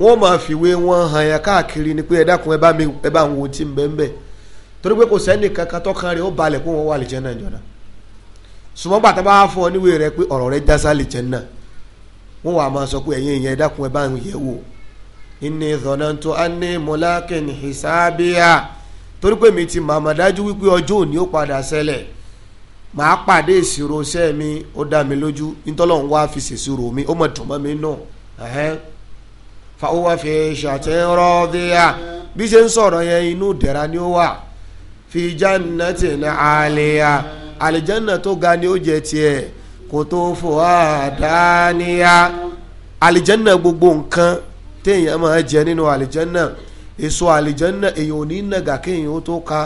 wọ́n máa fìwé wọn hàn yẹn káàkiri ni pé ẹ dákun ẹ bá mi ẹ bá ń wo tí ń bẹ́ ń bẹ́ torí pé kò sẹ́ni kankan tọ́kan rẹ̀ ó balẹ̀ wà lè rẹ pé ọ̀rọ̀ rẹ jásá lè jẹ́ náà wọ́n wà máa sọ pé ẹ̀yin ìyẹn ẹ dákun ẹ bá ń wò zọ̀nàntó hisabiya torí pé mi ti màmá dájú wípé ọjọ́ òní ó dá mi lójú wá fi ṣèṣirò mi ó mi náà fàwọn fi ṣàtẹ rọdíà bí ṣe ń sọ̀rọ̀ yẹn inú dẹ̀ra ni ó wà fi jannati na àlìyà àlìjánà tó ga ni ó jẹ tiẹ̀ kò tó fò á dáníyà àlìjánà gbogbo nǹkan téèyàn máa jẹ nínú àlìjánà èso àlìjánà èyàn ò ní nàgà kéèyàn ó tó ka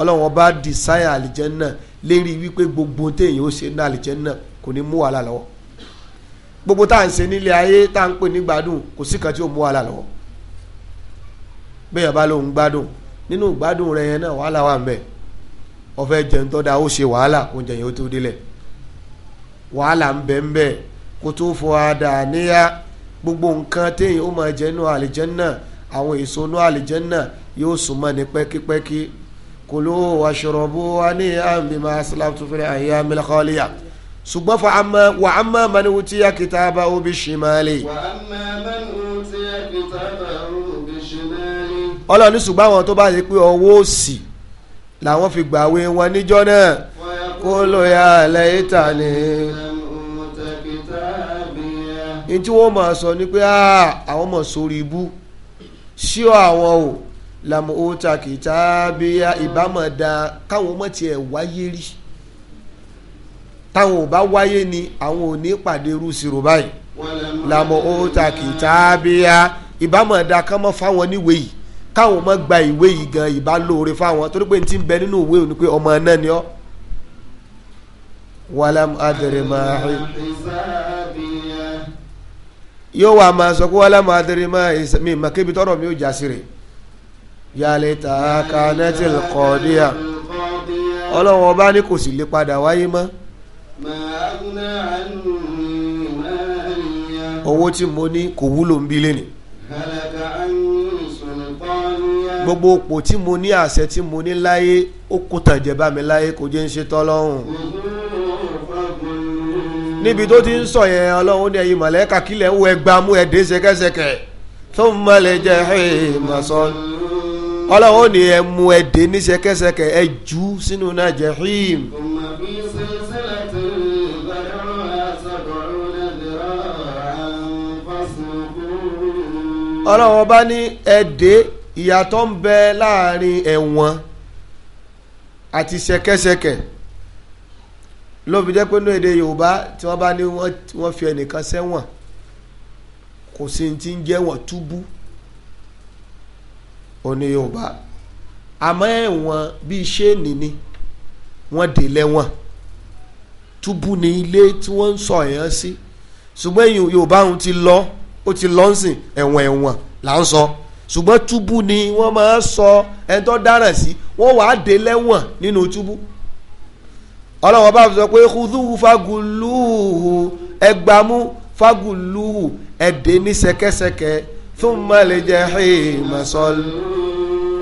ọlọ́run ọba dìsáyà àlìjánà lérí wípé gbogbo téèyàn ó ṣe ní àlìjánà kò ní mú wàhálà lọ́wọ́ gbogbo tá à ń ṣe nílé ayé tá à ń pè ní gbádùn kò sí kan tí ó mú wàhálà lọ́wọ́ bẹ́ẹ̀ bá lóun gbádùn nínú gbádùn rẹ̀ yẹn náà wàhálà wà ń bẹ ó fẹ́ jẹun tó dáa ó ṣe wàhálà oúnjẹ yẹn ó tó délẹ̀ wàhálà ń bẹ ń bẹ kó tó fọ àdáníyá gbogbo nǹkan téèyàn ó máa jẹ nínú àlìjẹ́nnà àwọn èso nínú àlìjẹ́nnà yóò sùn mọ́ ní pẹ́kípẹ́kí kulu washrabu àníyàn bima aslaftu fil ayyamil khaliya ṣùgbọ́n fa àmà wà àmà man utiya kitabahu bi shimali. wà àmà man utiya kitabahu bi shimali. ọlọ́ni ṣùgbọ́n àwọn tó bá yẹ pé ọwọ́ òsì làwọn fi gbàwé wọn níjọ́ náà kó ló ya laita ni. ní tí wọ́n máa sọ ni pé àwọn mọ̀ sórí ibú sí àwọn o làmú ó kìtàbíyà ìbámu da káwọn mọ̀ tiẹ̀ wáyé rí táwọn ò bá wáyé ni àwọn ò ní pàdé irú báyìí làmọ ó ta kìtàbíyá ìbámọ̀dá kán mọ́ fáwọn níwé yìí káwọn mọ́ gba ìwé yìí gan ìbá lóore fáwọn torí pé n ti bẹ nínú ìwé òní pé ọmọ náà ni ọ́ wàlámù adèrèmáà yóò wà máa sọ pé wàlámù adèrèmáà mi mà kébi tọrọ mi ò já sí rè yàlẹ tà á ka nẹtìl kọ́ọ̀díyà ọlọ́wọ́n ọba ní kò sì lè padà wáyé mọ́ owó tí mo ní kò wúlò ń bí lẹ́nu gbogbo òpò tí mo ní àṣẹ tí mo ní láyé ó kó tàjẹ́ bá mi láyé kò jẹ́ ń ṣe tọ́lọ́hún níbi tó ti ń sọ yẹn ọlọ́run ní ẹ̀yin mọ̀lẹ́kà kílẹ̀ ń wọ ẹgbà ẹ̀dẹ́ ṣẹkẹ́ṣẹkẹ́ tó ń mọ̀lẹ́ jẹ́ ẹ̀ẹ́mọ̀sọ́ ọlọ́run ní ẹ̀ mú ẹ̀dẹ́ ní ṣẹkẹ́ṣẹkẹ́ ẹ̀ jù sínú náà jẹ́ ẹ̀ẹ́mọ̀. ọlọ́run ọba ní ẹ̀dẹ́ ìyàtọ̀ ń bẹ láàrin ẹ̀wọ̀n àti ṣẹ̀kẹ̀ṣẹ̀kẹ̀ ló fi jẹ́ pé ní èdè yorùbá tí wọ́n bá ní wọ́n fi ẹnìkan sẹ́wọ̀n kò sí ti ń jẹ́wọ̀n túbú òní yorùbá àmọ́ ẹ̀wọ̀n bíi ṣéènì ni wọ́n dè lẹ́wọ̀n túbú ni ilé tí wọ́n ń sọ èèyàn sí ṣùgbọ́n yorùbá òun ti lọ. Si ó ti lọ́nsìn ẹ̀wọ̀n ẹ̀wọ̀n là ń sọ ṣùgbọ́n túbú ni wọ́n máa ń sọ ẹni tó dáràn sí wọ́n wàá dé lẹ́wọ̀n nínú túbú ọlọ́wọ́n bá sọ pé kúdúwù fagulúhù ẹgbàmú fagulúhù ẹ̀dẹ́ ní sẹ́kẹ́sẹ́kẹ́ thumma lè jẹ́ hìmà sọ́ọ́lù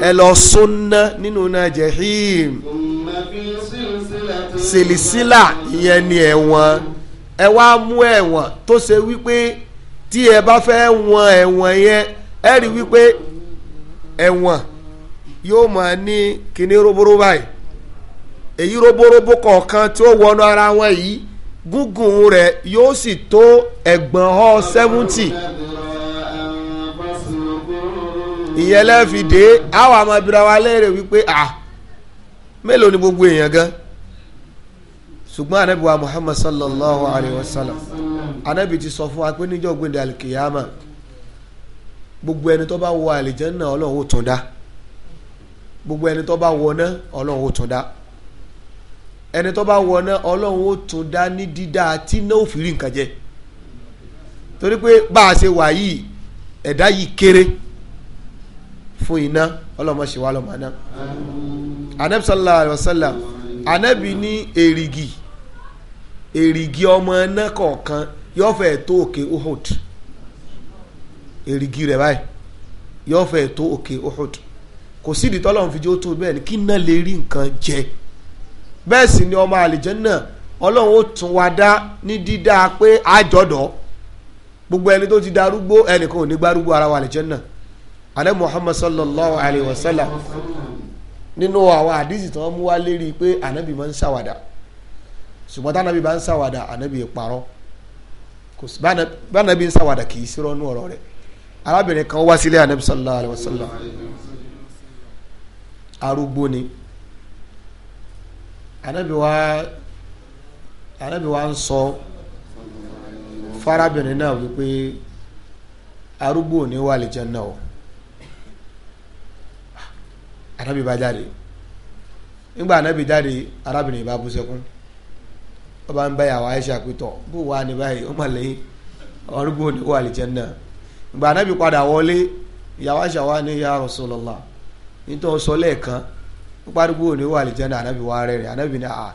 ẹ lọ sọ́nà nínú náà jẹ́ hìmà sìlìsílà ìyẹn ni ẹ̀wọ̀n ẹ wá mú ẹ̀wọ̀n tó ṣe wípé tí ẹ bá fẹ́ wọn ẹ̀wọ̀n yẹn ẹ rí wípé ẹ̀wọ̀n yóò máa ní kíní róbóró báyìí èyí róbóróbó kọ̀ọ̀kan tí ó wọnú ara wọn yìí gúngùn rẹ̀ yóò sì tó ẹ̀gbọ̀n họ sẹ́fúntì ìyẹn dé wa wípé à mélòó ni gbogbo èèyàn gan ṣùgbọ́n sallallahu alayhi wa sallam. anábì ti sọ fún wa pé níjọ́ gbẹ̀ndẹ̀ alikiyama gbogbo ẹni tó bá wọ àlìjẹ́nà ọlọ́run ó tún dá gbogbo ẹni tó bá wọ ná ọlọ́run ó tún dá ẹni tó bá wọ ná ọlọ́run ó tún dá ní dídá tí náà ò fi rí nǹkan jẹ torí pé bá a ṣe wà yìí ẹ̀dá yìí kéré fún iná ọlọ́mọ ṣe wà lọ́mọ náà anabi sallallahu alayhi wa sallam anabi ní èrìgì. erigi ọmọ náà kọ̀ọ̀kan yóò fẹ́ tó òkè Uhud èrìgì rẹ̀ báyìí yóò fẹ́ tó òkè Uhud kò sídìí tọ́lọ́run fi jẹ́ ó tó bẹ́ẹ̀ ni kí náà lè rí nǹkan jẹ bẹ́ẹ̀ sì ni gbogbo ẹni tó ti darúgbó ẹnìkan ò ní gbárúgbó ara wa alẹ́ Muhammad sallallahu alayhi wa sallam nínú àwọn àdìsí tí wọ́n mú ṣùgbọ́n táwọn nàbí bá ń ṣàwàdà ànábì parọ́ kò sí bá nàbí ń ṣàwàdà kì í sí rọ́nú ọ̀rọ̀ rẹ̀ arábìnrin kan wá sílé ànábì sallallahu alayhi wa sallam arúgbó ni ànábì wa ànábì wa ń sọ fárábìnrin náà wípé arúgbó ò ní wà lè jẹun náà ànábì bá jáde nígbà ànábì jáde arábìnrin bá bú sẹ́kún ọba ń bá yàwó Aisha pítọ̀ bó wà ní báyìí ó mà lẹ́yìn ọ̀rúgbó ní wà lìjẹ́ náà ìgbà anábì padà wọlé ìyàwó Aisha wà ní ya Rasulullah nítorí sọ lẹ́ẹ̀kan ó pariwo ní wà lìjẹ́ náà anábì wà rẹ̀ rẹ̀ anábì ní à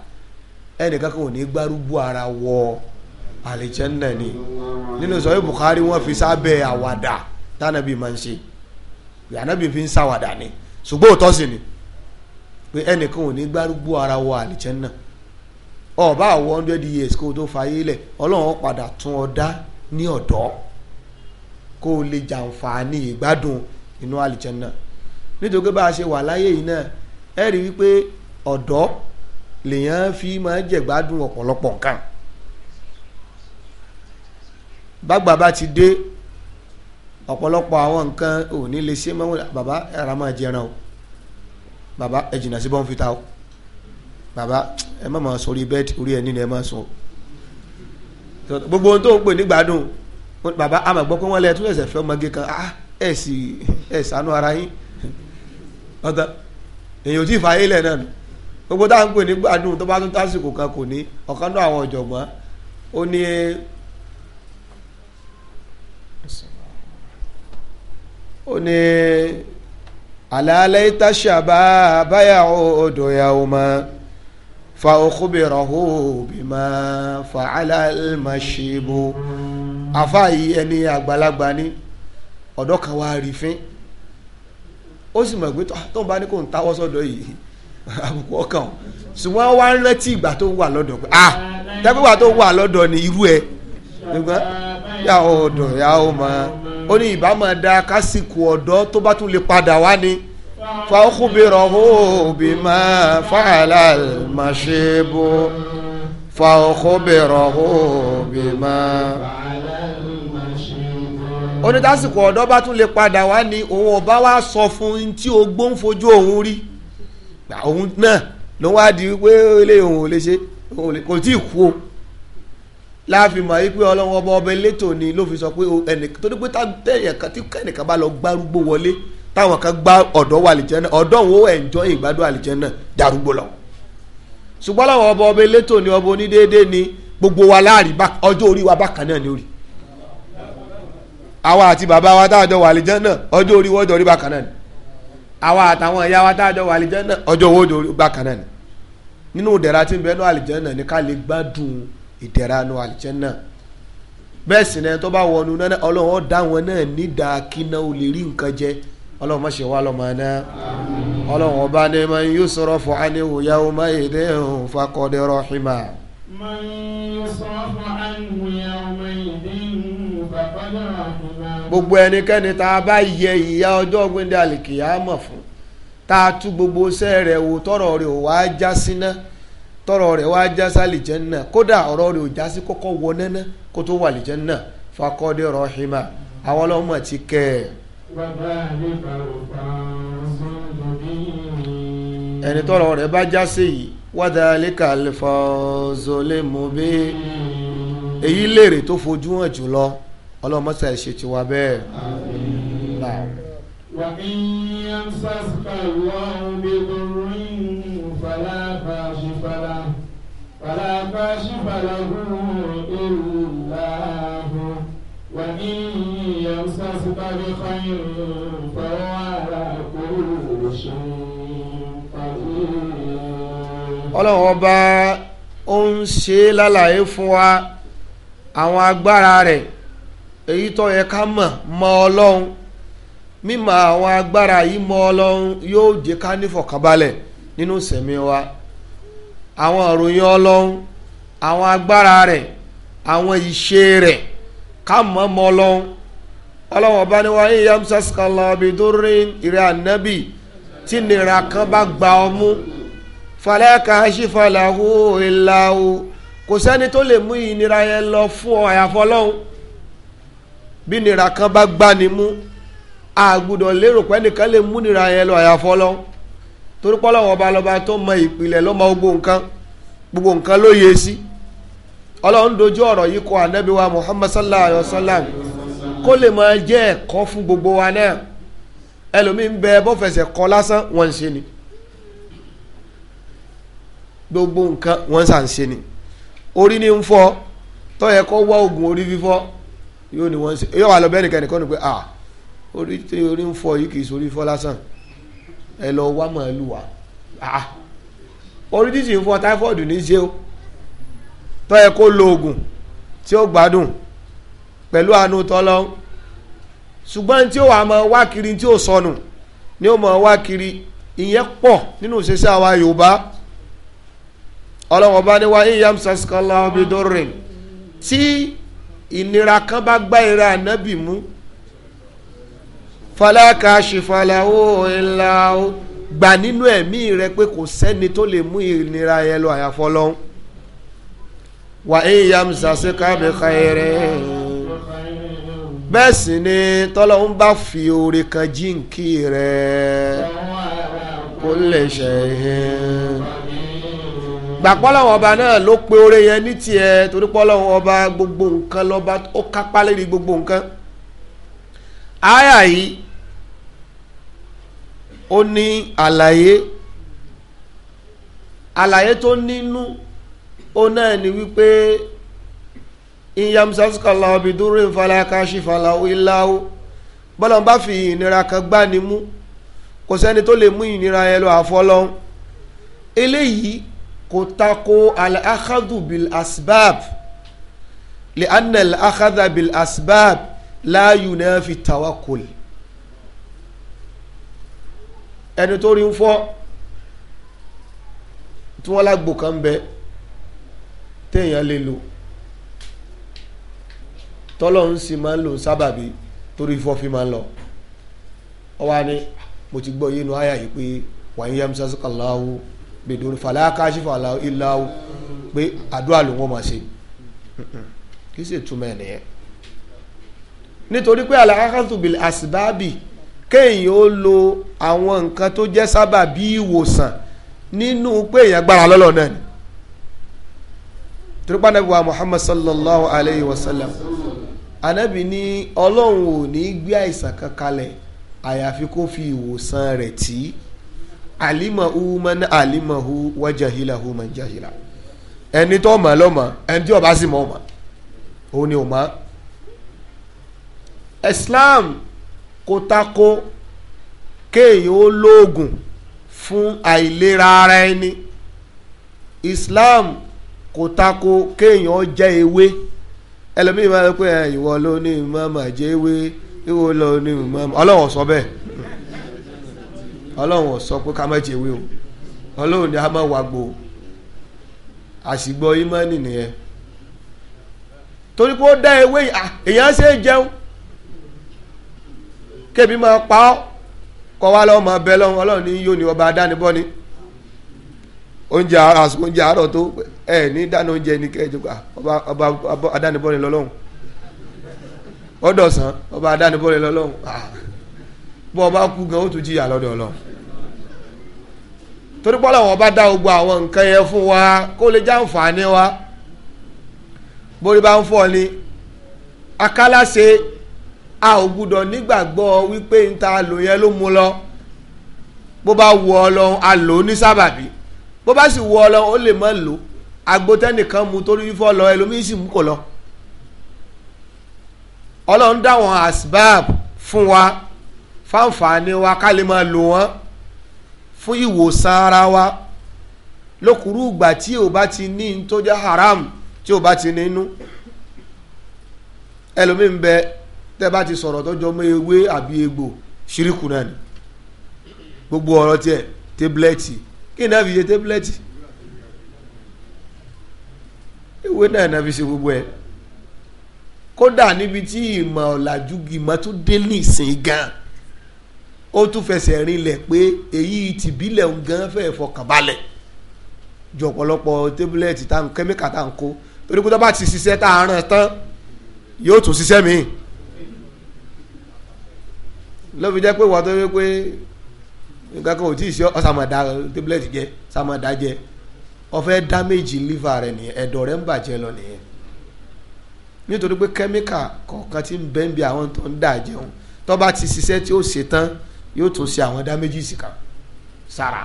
ẹnìkan kan ní gbárùgbó ara wọ àlìjẹ́ náà ni nínú sọ̀rọ̀ Bukhari wọ́n fi sábẹ́ àwàdà tánàbì máa ń ṣe ànábì fi ń sáwàdà ni ṣùgbọ́n òtọ́ ni pé ẹnìkan ò ní gbárùgbó ara wọ àlìjẹ́ náà ọba àwọ hundred years kó o tó fayé lẹ̀ ọlọ́run padà tún ọ dá ní ọ̀dọ́ kó o lè jàǹfààní ìgbádùn inú àlìjẹ́nà nítorí bá a ṣe wà láyé yìí náà ẹ rí wípé ọ̀dọ́ lèèyàn fi máa ń jẹ̀gbádùn ọ̀pọ̀lọpọ̀ nǹkan bàgbà bá ti dé ọ̀pọ̀lọpọ̀ àwọn nǹkan ò ní lè ṣe mọ́ bàbá ẹ̀rọ máa jẹran o bàbá ẹ̀jìnà sí bọ́ǹfìtà o. Baba, ẹ má máa sọ orí bẹ́ẹ̀dì orí ẹni ni ẹ máa sọ gbogbo ohun tó ń pè nígbàdùn bàbá àmọ̀ gbọ́ pé wọ́n lẹ́yìn tó ẹ̀sẹ̀ fẹ́ ọmọge kan ah, ẹ̀ sì ẹ̀ sànú ara yín ọ̀tọ̀ èyàn ò tí ì fa ayélẹ̀ náà gbogbo táwọn ń pè nígbàdùn tó bá tún tásìkò kan kò ní ọ̀kan náà àwọn ọ̀jọ̀gbọ́n ó ní ó ní àlàálẹ̀ ìtàṣàbà báyà odò yàwó máa fàókùbìrọ̀hó bímọ fàálà ìmọ̀ṣẹ́bù àfáàyí ẹni àgbàlagbà ní ọ̀dọ́ kan wá rí fín ó sì mọ̀ pé tó ń bá ní kò ń táwọ́ sọ́dọ̀ yìí àbùkù ọkàn ṣùgbọ́n wá ń rántí ìgbà tó ń wà lọ́dọ̀ pé ah tẹ́gbẹ́gbà tó ń wà lọ́dọ̀ ni irú ẹ ṣùgbọ́n yà ó yà ó mọ̀ ó ní ìbámu ẹ̀dá kásìkò ọ̀dọ́ tó bá tún lè padà wá ni. فأخبره بما فعل المشيب فأخبره بما onítàsìkò ọ̀dọ́ bá tún lè padà wá ní òun ọba wá sọ fún un tí ogbó ń fojú òun rí òun náà ló wá di wípé ilé òun ò lè ṣe kò tí ì kú o láàfin mọ̀ wípé ọlọ́wọ́ ọba ọba elétò ni ló fi sọ pé ẹnìkan tó ní pé tẹ́yẹ̀ kan tí kẹ́nìkan bá lọ gbárúgbó wọlé táwọn kan gba ọ̀dọ́ wa àlìjẹ́nà ọ̀dọ́ wo ẹ̀ǹjọ́ ìgbádùn àlìjẹ́nà darúgbó lọ. ṣùgbọ́n láwọn ọba ọba elétò ni ọba onídéédé ni gbogbo wa láàrin ọjọ́ orí wa bákan náà ni ó rí. àwa àti bàbá wa táàjọ wà àlìjẹ́nà ọjọ́ orí wọ́jọ́ orí bákan náà ni. àwa àtàwọn ìyá wa táàjọ wà àlìjẹ́nà ọjọ́ wọ́jọ́ orí bákan náà ni. nínú ìdẹ̀ra tí ń àlìjẹ́nà ni ká lè gbádùn ìdẹ̀ra ọlọ́run má ṣe wá lọ́mọ ẹ̀ náà ọlọ́run ọba ni man yusrafu anhu yawma idhin faqad rahima. man yusrafu anhu yawma idhin faqad rahima. gbogbo ẹnikẹ́ni tá a bá yẹ ìyà ọjọ́ gbẹ̀ndẹ̀ àlìkìyàmọ̀ fún tá a tú gbogbo iṣẹ́ rẹ̀ wò tọrọ rẹ̀ ò wá já síná tọrọ rẹ̀ wá já sálì jẹ́ náà kódà ọ̀rọ̀ rẹ̀ ò já sí kọ́kọ́ wọ nẹ́nẹ́ kó tó wà lì náà faqad rahima àwọn ọlọ́mọ ti kẹ́ ẹ̀ ẹni tọ́rọ̀ rẹ̀ bá já sí yìí wadhalika al-fawzul mubin èyí lèrè tó fojú hàn jùlọ ọlọ́mọṣà ṣe ti wá bẹ́ẹ̀. wa in yamsaska Allahu fala kashifa lahu fala kashifa lahu وإن يمسسك بخير فهو على كل شيء قدير ọba ó ń ṣe lálàyé fún wa àwọn agbára rẹ̀ èyí tó yẹ ká mọ mọ́ ọlọ́run mímọ̀ àwọn agbára yìí mọ́ ọlọ́run yóò jẹ́ ká nífọ̀kànbalẹ̀ nínú wa àwọn àwọn agbára àwọn ìṣe ká mọ̀ mọ́ ọlọ́run ọlọ́run ọba ni wọ́n ń yam saskala bidurri ìrẹ́ ànábì tí nira kan bá gba ọ mú falẹ́ka ṣífàlàhù ìlàhù kò sẹ́ni tó lè mú ìnira yẹn lọ fún ọ àyàfọ́ ọlọ́run bí nira kan bá gbani mú àgùdọ̀ lérò pé ẹnìkan lè mú nira yẹn lọ àyàfọ́ ọlọ́run torí pé ọlọ́run ọba lọ́ba tó mọ ìpìlẹ̀ ló gbogbo nǹkan gbogbo nǹkan ló sí. Si ọlọ́run dojú ọ̀rọ̀ yìí kọ ànábì wa muhammad sallallahu alayhi wa sallam kó lè máa jẹ́ ẹ̀kọ́ fún gbogbo wa náà ẹlòmíín bẹ bó fẹsẹ̀ kọ lásán wọ́n ń ṣe ni gbogbo nǹkan wọ́n sàn ṣe ni orí ni ń fọ́ tó yẹ wá oògùn orí fífọ́ yóò ní wọ́n ṣe yóò wà lọ bẹ́ẹ̀ nìkan nìkan ni pé ah orí tí orí ń fọ́ yìí kì í sórí fọ́ lásán ẹ lọ wá màálù wá ah orí tí sì ń fọ́ táífọ́ọ̀dù ní ṣe o. tó yẹ kó lo oògùn tí ó gbádùn pẹ̀lú àánú tọ́lọ́ ṣùgbọ́n tí ó wà máa wá kiri tí ó sọnù ni ó máa wá kiri ìyẹn pọ̀ nínú ìṣesẹ́ àwa Yorùbá ọlọ́wọ́n bá ní iyam saskala bidorin tí ìnira kan bá gbá ìra ànábì mú falaka ṣìfàlàwò ìlà gbà nínú ẹ̀mí rẹ pé kò sẹ́ni tó lè mú ìnira yẹn lọ àyàfọ́ lọ́hùn wà ń yam sàṣekà bí xayẹrẹ bẹ́ẹ̀ sì ni tọ́lọ́hún bá fi oore kan jíǹkì rẹ̀ kó lè ṣe é gbàpọ́lọ́wọ́n ọba náà ló pe oore yẹn ní tiẹ̀ torí pọ́lọ́wọ́n ọba gbogbo nǹkan lọ́ba ó kápá lérí gbogbo nǹkan àyà yìí ó ní àlàyé àlàyé tó nínú ó náà ni wípé ìyàmsásùkàlà ọ̀bìdúró ìfàlàkàṣìfàlà ìlàwó bọ́lá ń bá fi ìnira kan gbá ni mú kò sẹ́ni tó lè mú ìnira yẹn lọ àfọlọ́hún eléyìí kò tako al-akhadhu bil asbab li anna al bil asbab la yunafi tawakkul ẹni tó rí ń fọ́ tí wọ́n lágbo kan bẹ́ẹ̀ téèyàn lè lò tọ́lọ́run sì máa ń lò sábàbí torí fọ́ fi máa ń lọ ọ wá ní mo ti gbọ́ yínú àyà yìí pé wàá yẹm sásùkàláwù bèdúrú fàlàkàṣífà ìlàwù pé àdúrà ló wọ́n máa ṣe kì í sì túmọ̀ ẹ̀ nìyẹn nítorí pé àlàkàtù bìl àsìbábì kéèyàn ó lo àwọn nǹkan tó jẹ́ sábàbí ìwòsàn nínú pé èèyàn gbára lọ́lọ́ náà ni torípa anabi wa muhammad sallallahu alayhi wa sallam anabi ní ọlọ́run ò ní gbé àìsàn kan kalẹ̀ àyàfi kó fi ìwòsàn rẹ̀ tì í alimahu man alimahu wa jahilahu man jahila ẹni tó mọ̀ lọ́mọ ẹni tí ó sì mọ̀ mọ̀ òun ni ò mọ̀ islam kò tako kéèyàn ó lóògùn fún àìlera ara ẹni islam kò tako kéèyàn jẹ ewé ẹlòmíì máa ń pè é ìwọ ló ní màmá ewé ìwọ ló ní ọlọ́wọ̀n sọ bẹ́ẹ̀ ọlọ́wọ̀n sọ pé ká má jẹ ewé o ọlọ́wọ̀n ni a máa wà gbò àsìgbọ́ ìmánì nìyẹn torí pé ó dá ewé ah, èèyàn ṣe é jẹun máa pa ọ́ kọ́ wa máa bẹ lọ́wọ́ ọba adánibọ́ ni. oúnjẹ ara oúnjẹ àárọ̀ tó ẹ ní dáná oúnjẹ ní kẹjọba ọba ọba adánibọ́ni lọ́lọ́hún ọdọ̀sán ọba adánibọ́ni lọ́lọ́hún bọ́ ọba kú gan ó tún jìyà lọ́dọ̀ ọlọ́hún torí pọ́lọ́ wọn bá dá gbogbo àwọn nǹkan yẹn fún wa kó lè já nfààní wa bórí bá ń fọ́ ni akálàṣe a ò gbúdọ̀ nígbàgbọ́ wípé ń ta lò yẹn ló mú lọ bó bá wù ọ lọ a lò ó ní sábàbí bó bá sì wọ ọ lọ ó lè má lò àgbo tẹnìkan mu torí fífọ́ lọ ẹlòmíín sì mú kò lọ ọlọ́run dáwọn asbab fún wa fáǹfààní wa ká lè máa lò wọ́n fún ìwòsàn ara wa lókùrú ìgbà tí o bá ti ní tó jẹ́ haram tí o bá ti ní inú ẹlòmíín bẹ tẹ́ bá ti sọ̀rọ̀ tó jọ mọ́ ewé àbí egbò ṣíríkù náà ni gbogbo ọ̀rọ̀ tiẹ̀ tébúlẹ́ẹ̀tì kí náà fi ṣe tẹ́pílẹ́tì ìwé náà náà fi ṣe gbogbo ẹ̀ kódà níbi tí ìmọ̀ ọ̀làjú ìmọ̀ tó dé ní ìsìn gan ó tún fẹsẹ̀ rinlẹ̀ pé èyí tìbílẹ̀ ń gan fẹ́ fọkànbalẹ̀ ju ọ̀pọ̀lọpọ̀ tẹ́pílẹ́tì tá kẹ́míkà tá n kó torí pé tó bá ti ṣiṣẹ́ tá a rán tán yóò tún ṣiṣẹ́ míì ló fi jẹ́ pé wà tó yẹ pé nǹkan kan ò tí ì ṣe ọ̀sàmọ̀dá tablet jẹ sàmọ̀dá jẹ ọ̀fẹ́ damage liver rẹ nìyẹn ẹ̀dọ̀ rẹ ń bàjẹ́ lọ nìyẹn nítorí pé kẹ́míkà kọ̀ọ̀kan ti ń bẹ́ńbi àwọn tó ń dà jẹun tó bá ti ṣiṣẹ́ tí ó ṣe tán yóò tún ṣe àwọn damages kan sára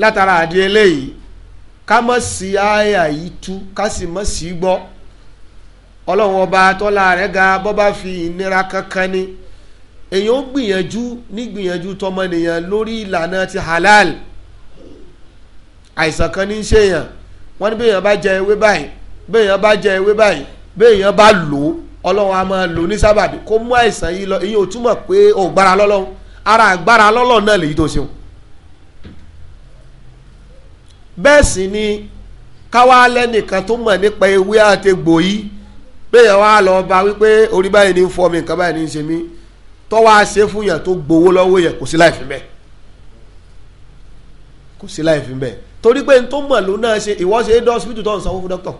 látara àdí eléyìí ká mọ̀ sí àyà yìí tú ká sì mọ̀ sí gbọ́ ọlọ́run ọba tọ́lá rẹ̀ ga bọ́ bá fi ìnira kankan ni èyàn ó gbìyànjú ní gbìyànjú tọmọnìyàn lórí ìlànà ti halal àìsàn kan ní í ṣèyàn wọ́n ní béèyàn bá jẹ ewé báyìí béèyàn bá jẹ ewé báyìí béèyàn bá lò ó ọlọ́run á máa lò ó ní sábàbí kó mú àìsàn yìí lọ èyí ò túmọ̀ pé ò gbára lọ́lọ́run ara àgbára lọ́lọ́run náà lèyí tó ṣeun bẹ́ẹ̀ sì ni káwá lẹ́nìkan tó mọ̀ nípa ewé àtegbò yìí béèyàn wá lọ bá wípé orí báyìí ní fọ́ mi nǹkan báyìí ní ń ṣe mí tọ́wọ́ àṣẹ fún yàn tó gbowó lọ́wọ́ yẹn kò sí láì fi bẹ́ẹ̀ kò sí láì fi bẹ́ẹ̀ torí pé n tó mọ̀ ló náà ṣe ìwọ ṣe é dán síbítù tó ń sanwó fún dókítà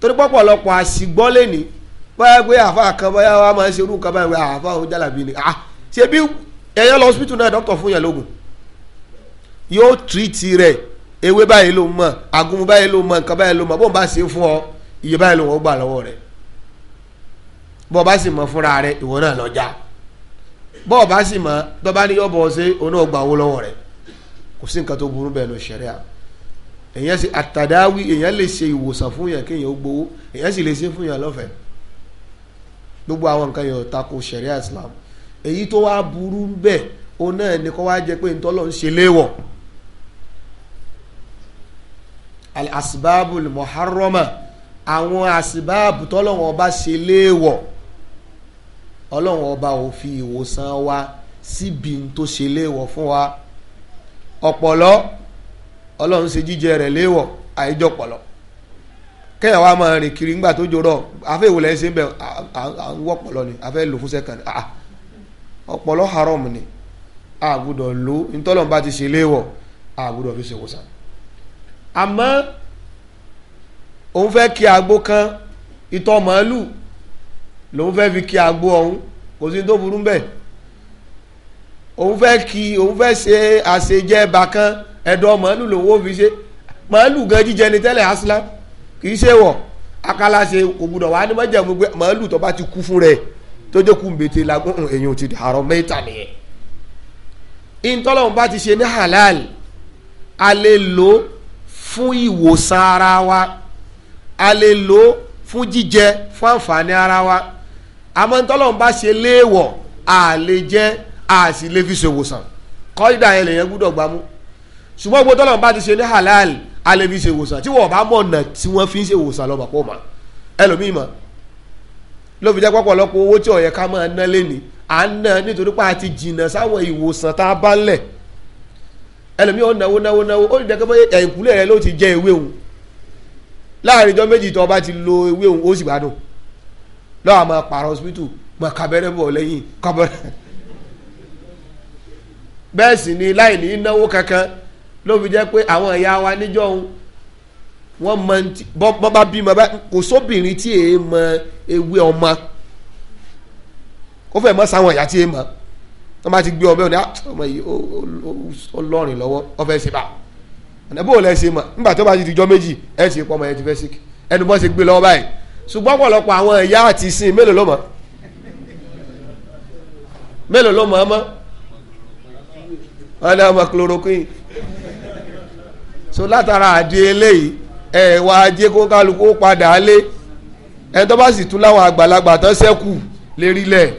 torí pọ̀pọ̀lọpọ̀ àṣìgbọ́ lẹ́ni báyà pé àfa kan báyà wà máa ń ṣe irú nǹkan báyà pé àfa ò jálàbí ni ah ṣe bí ẹ̀yọ́ lọ síbítù náà dókítà fún yàn lóògùn yóò tìrìtì rẹ̀ ewé báyìí ló mọ̀ àgùnmu báyìí ló mọ̀ nǹkan báyìí ló mọ̀ bóun bá ṣe fún ọ iye báyìí ló wọ́n gbà lọ́wọ́ rẹ̀ bọ́ọ̀ bá sì mọ̀ fúnra rẹ ìwọ náà lọ já bọ́ọ̀ bá sì mọ̀ tọ́ba ní yọ̀bọ̀ ṣe oní ọgbà owó lọ́wọ́ rẹ kò sí nǹkan tó burú bẹ́ẹ̀ lọ ṣẹ̀ríà èyàn sì àtàdáwí èyàn lè ṣe ìwòsàn fún yàn kéèyàn ó gbowó èyàn sì lè ṣe fún yàn lọ́fẹ̀ẹ́ gbogbo àwọn nǹkan yóò tako ṣẹ̀ríà Islam èyí tó wá burú bẹ́ẹ̀ o náà ní kó wá jẹ́ pé ntọ́lọ́ ń ṣe léwọ̀ al asbabul muharrama àwọn asibaabu tọ́lọ́wọ́n bá ṣe léèwọ̀ ọlọ́run ọba ò fi ìwòsàn wa síbi tó ṣe léèwọ̀ fún wa ọ̀pọ̀lọ́ ọlọ́run ṣe jíjẹ rẹ̀ léèwọ̀ àìjọpọ̀lọ́ kẹ́yàn wa máa rìn kiri ńgbà tó jorọ̀ afẹ́ ìwòlẹ̀ ṣe ń bẹ̀ à ń wọ́pọ̀lọ́ ni afẹ́ lò fún sẹ́kàn ni ọ̀pọ̀lọ́ haram ni àgùdọ̀ ló ntọ́lọ́n bá ti ṣe léèwọ̀ àgùdọ̀ fi ṣe wòsàn àmọ́ òun fẹ́ kí agbó kan ìtọ̀ màálù lòun fẹ́ fi kí agbó ọ̀hún kò sí tó burú bẹ́ẹ̀ òun fẹ́ kí òun fẹ́ ṣe àṣejẹ́ bàkan ẹ̀dọ̀ màálù lòun ó fi ṣe màálù gan jíjẹ ni tẹ́lẹ̀ aslam kì í ṣe wọ̀ akala ṣe kò gbúdọ̀ wá ní mọ́jẹ̀ gbogbo màálù tó bá ti kú fún rẹ̀ tó jókòó mbètè lagbóhùn èyàn ti dàrọ̀ mẹ́ta nìyẹn ìtọ́lọ́hún bá ti ṣe ní halal a lè lò fún ìwòsàn ara wa a lè lò fún jíjẹ fún àǹfààní ara wa àmọ́ ntọ́lọ́run bá ṣe léèwọ̀ à lè jẹ́ à sì lè fi ṣèwòsàn kọ́ídà yẹn lèyẹn gbúdọ̀ gbámú ṣùgbọ́n gbogbo tọ́lọ́run bá ti ṣe ní halal à lè fi ṣèwòsàn tí wọ́n bá mọ̀ ọ̀nà tí wọ́n fi ń ṣèwòsàn lọ́mọ pọ̀ mọ́ ẹlòmíì mọ́ ló fi jẹ́ pọ̀pọ̀lọpọ̀ owó tí ó yẹ ká máa ná lẹ́ni à ń ná nítorí pé a ti jìnnà sáwọn ìwòsàn tá a bá lẹ̀ ẹlòmíì ó náwó náwó náwó ó lè dẹ́kẹ́ bóyá ẹ̀yìnkùlé rẹ ló ti jẹ ewé òun láàrin ijọ́ méjì tó o bá ti lo ewé òun ó sì gbádùn lọ́wọ́ àmọ́ pààrọ̀ hospital mọ̀ kábẹ́rẹ́ bọ̀ lẹ́yìn kábẹ́rẹ́ bẹ́ẹ̀ sì ni láì ní náwó kankan ló fi jẹ́ pé àwọn ẹ̀yà wa níjọ́ òun wọ́n mọ bọ́ bá bímọ kò sóbìnrin tí èé mọ ewé ọmọ ó fẹ́ mọ́ sáwọn ẹ̀yà tí èé mọ wọ́n bá ti gbé ọbẹ̀ òní ah, ọmọ yìí ó lọ́rìn lọ́wọ́ ó fẹ́ ṣe bá ọ̀nà bó lẹ́ ṣe mọ̀ nígbà tó bá ti di jọ́ méjì ẹ̀ ṣe pọ́ ọmọ yẹn ti fẹ́ sick ẹnu bọ́ ṣe gbé lọ́wọ́ báyìí ṣùgbọ́n ọ̀pọ̀lọpọ̀ àwọn ìyá àti ìsìn mélòó ló mọ̀ mélòó ló mọ̀ ọmọ wọn ni ọmọ chloroquine so látara àdé eléyìí ẹ wá ajé kó kálukú padà lé ẹ tó bá sì tún láwọn àgbàlagbà tán sẹ́kù lérílẹ̀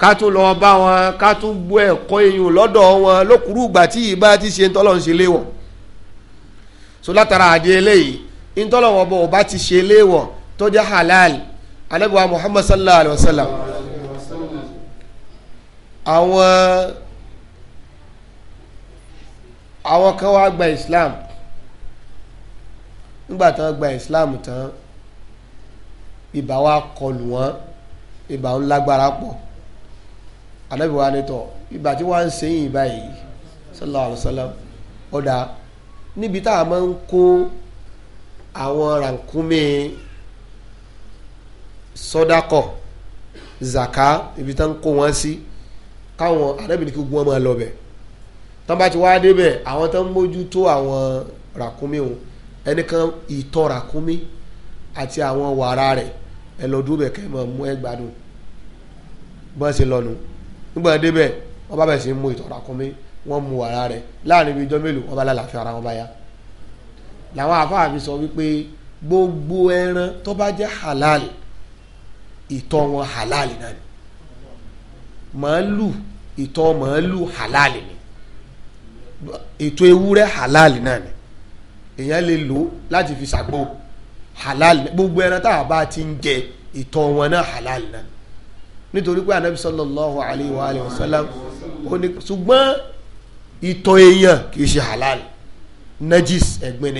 ká tún lọ bá wọn ká tún bú ẹ̀kọ́ eyín lọ́dọ̀ wọn lókùrú ìgbà tí ìbá ti ṣe ń tọ́lọ́ ń ṣe léwọ̀ so látara àdé eléyìí ń tọ́lọ̀ wọn bọ̀ ọba ti ṣe léwọ̀ tó jẹ́ halal anabiwa muhammad sallallahu alayhi wa sallam àwọn àwọn kan wá gba islam nígbà tán gba islam tán ibà wa kọlù wọn ibà ń lágbára pọ̀ anabiwa ni tọ ibà tí wọ́n ń sẹ́yìn ibà yìí sallallahu alayhi wa sallam ọ̀dà níbi tá a máa ń kó àwọn rànkúnmí sọdakọ zaka ibi tán kó wọn sí káwọn arábìnrin kí gun wọn máa lọ bẹ tán bá ti wá débẹ̀ àwọn tán mójútó àwọn ràkúnmí òun ẹnìkan ìtọ̀ ràkúnmí àti àwọn wàrà rẹ̀ ẹ lọ dúró bẹ kẹ mọ mú ẹ gbádùn bọ́n ṣe lọ́nu nígbà débẹ̀ wọ́n bá bẹ̀rẹ̀ sí mú ìtọ̀ ràkúnmí wọ́n mu wàrà rẹ̀ láàrin ibi ijọ́ mélòó wọ́n bá lálàáfíà ara wọn bá yá làwọn àfáà sọ wípé gbogbo ẹran tó bá jẹ́ halal ìtọ̀ wọn halal náà ni màálù ìtọ̀ màálù halal ni ètò ewúrẹ́ halal náà ni èèyàn lè lò láti fi ṣàgbó halal gbogbo ẹran tá a bá ti ń jẹ ìtọ̀ wọn náà halal náà nítorí pé anabi sallallahu alayhi wa alayhi wa sallam ó ṣùgbọ́n ìtọ̀ èèyàn kì í ṣe halal najis ẹ̀gbin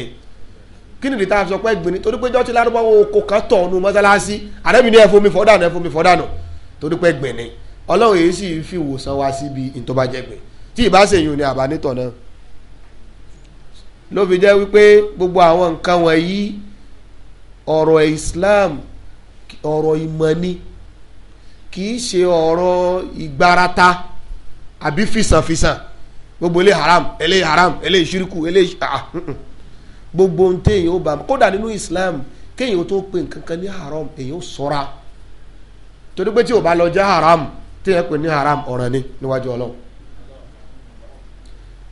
kí nìdí tá a sọ pé gbìn ní torí pé jọ́tí lárúbáwò oko kan tọ̀ ọ́nu mọ́sálásí àrẹ́bí ní ẹ̀fọ́ mi fọ́dànù ẹ̀fọ́ mi fọ́dànù torí pé gbìn ní ọlọ́run èyí sì fi wòsàn wá síbi ìtọ́bàjẹ́ gbìn tí ìbá ṣèyún ni àbá nítọ̀ náà ló fi jẹ́ wípé gbogbo àwọn nǹkan wọ̀nyí ọ̀rọ̀ Islam ọ̀rọ̀ ìmọ̀ ni kì í ṣe ọ̀rọ̀ ìgbarata àbí fìsànfìsàn gbogbo ilé haram ilé haram ilé ìṣirikù gbogbo ohun téèyàn ó bá mu kódà nínú Islam kéèyàn ó tó pe nǹkan kan ní haram èèyàn ó ṣọ́ra torí pé tí ò bá lọ jẹ́ haram téèyàn pè ní haram ọ̀ràn ni níwájú Ọlọ́run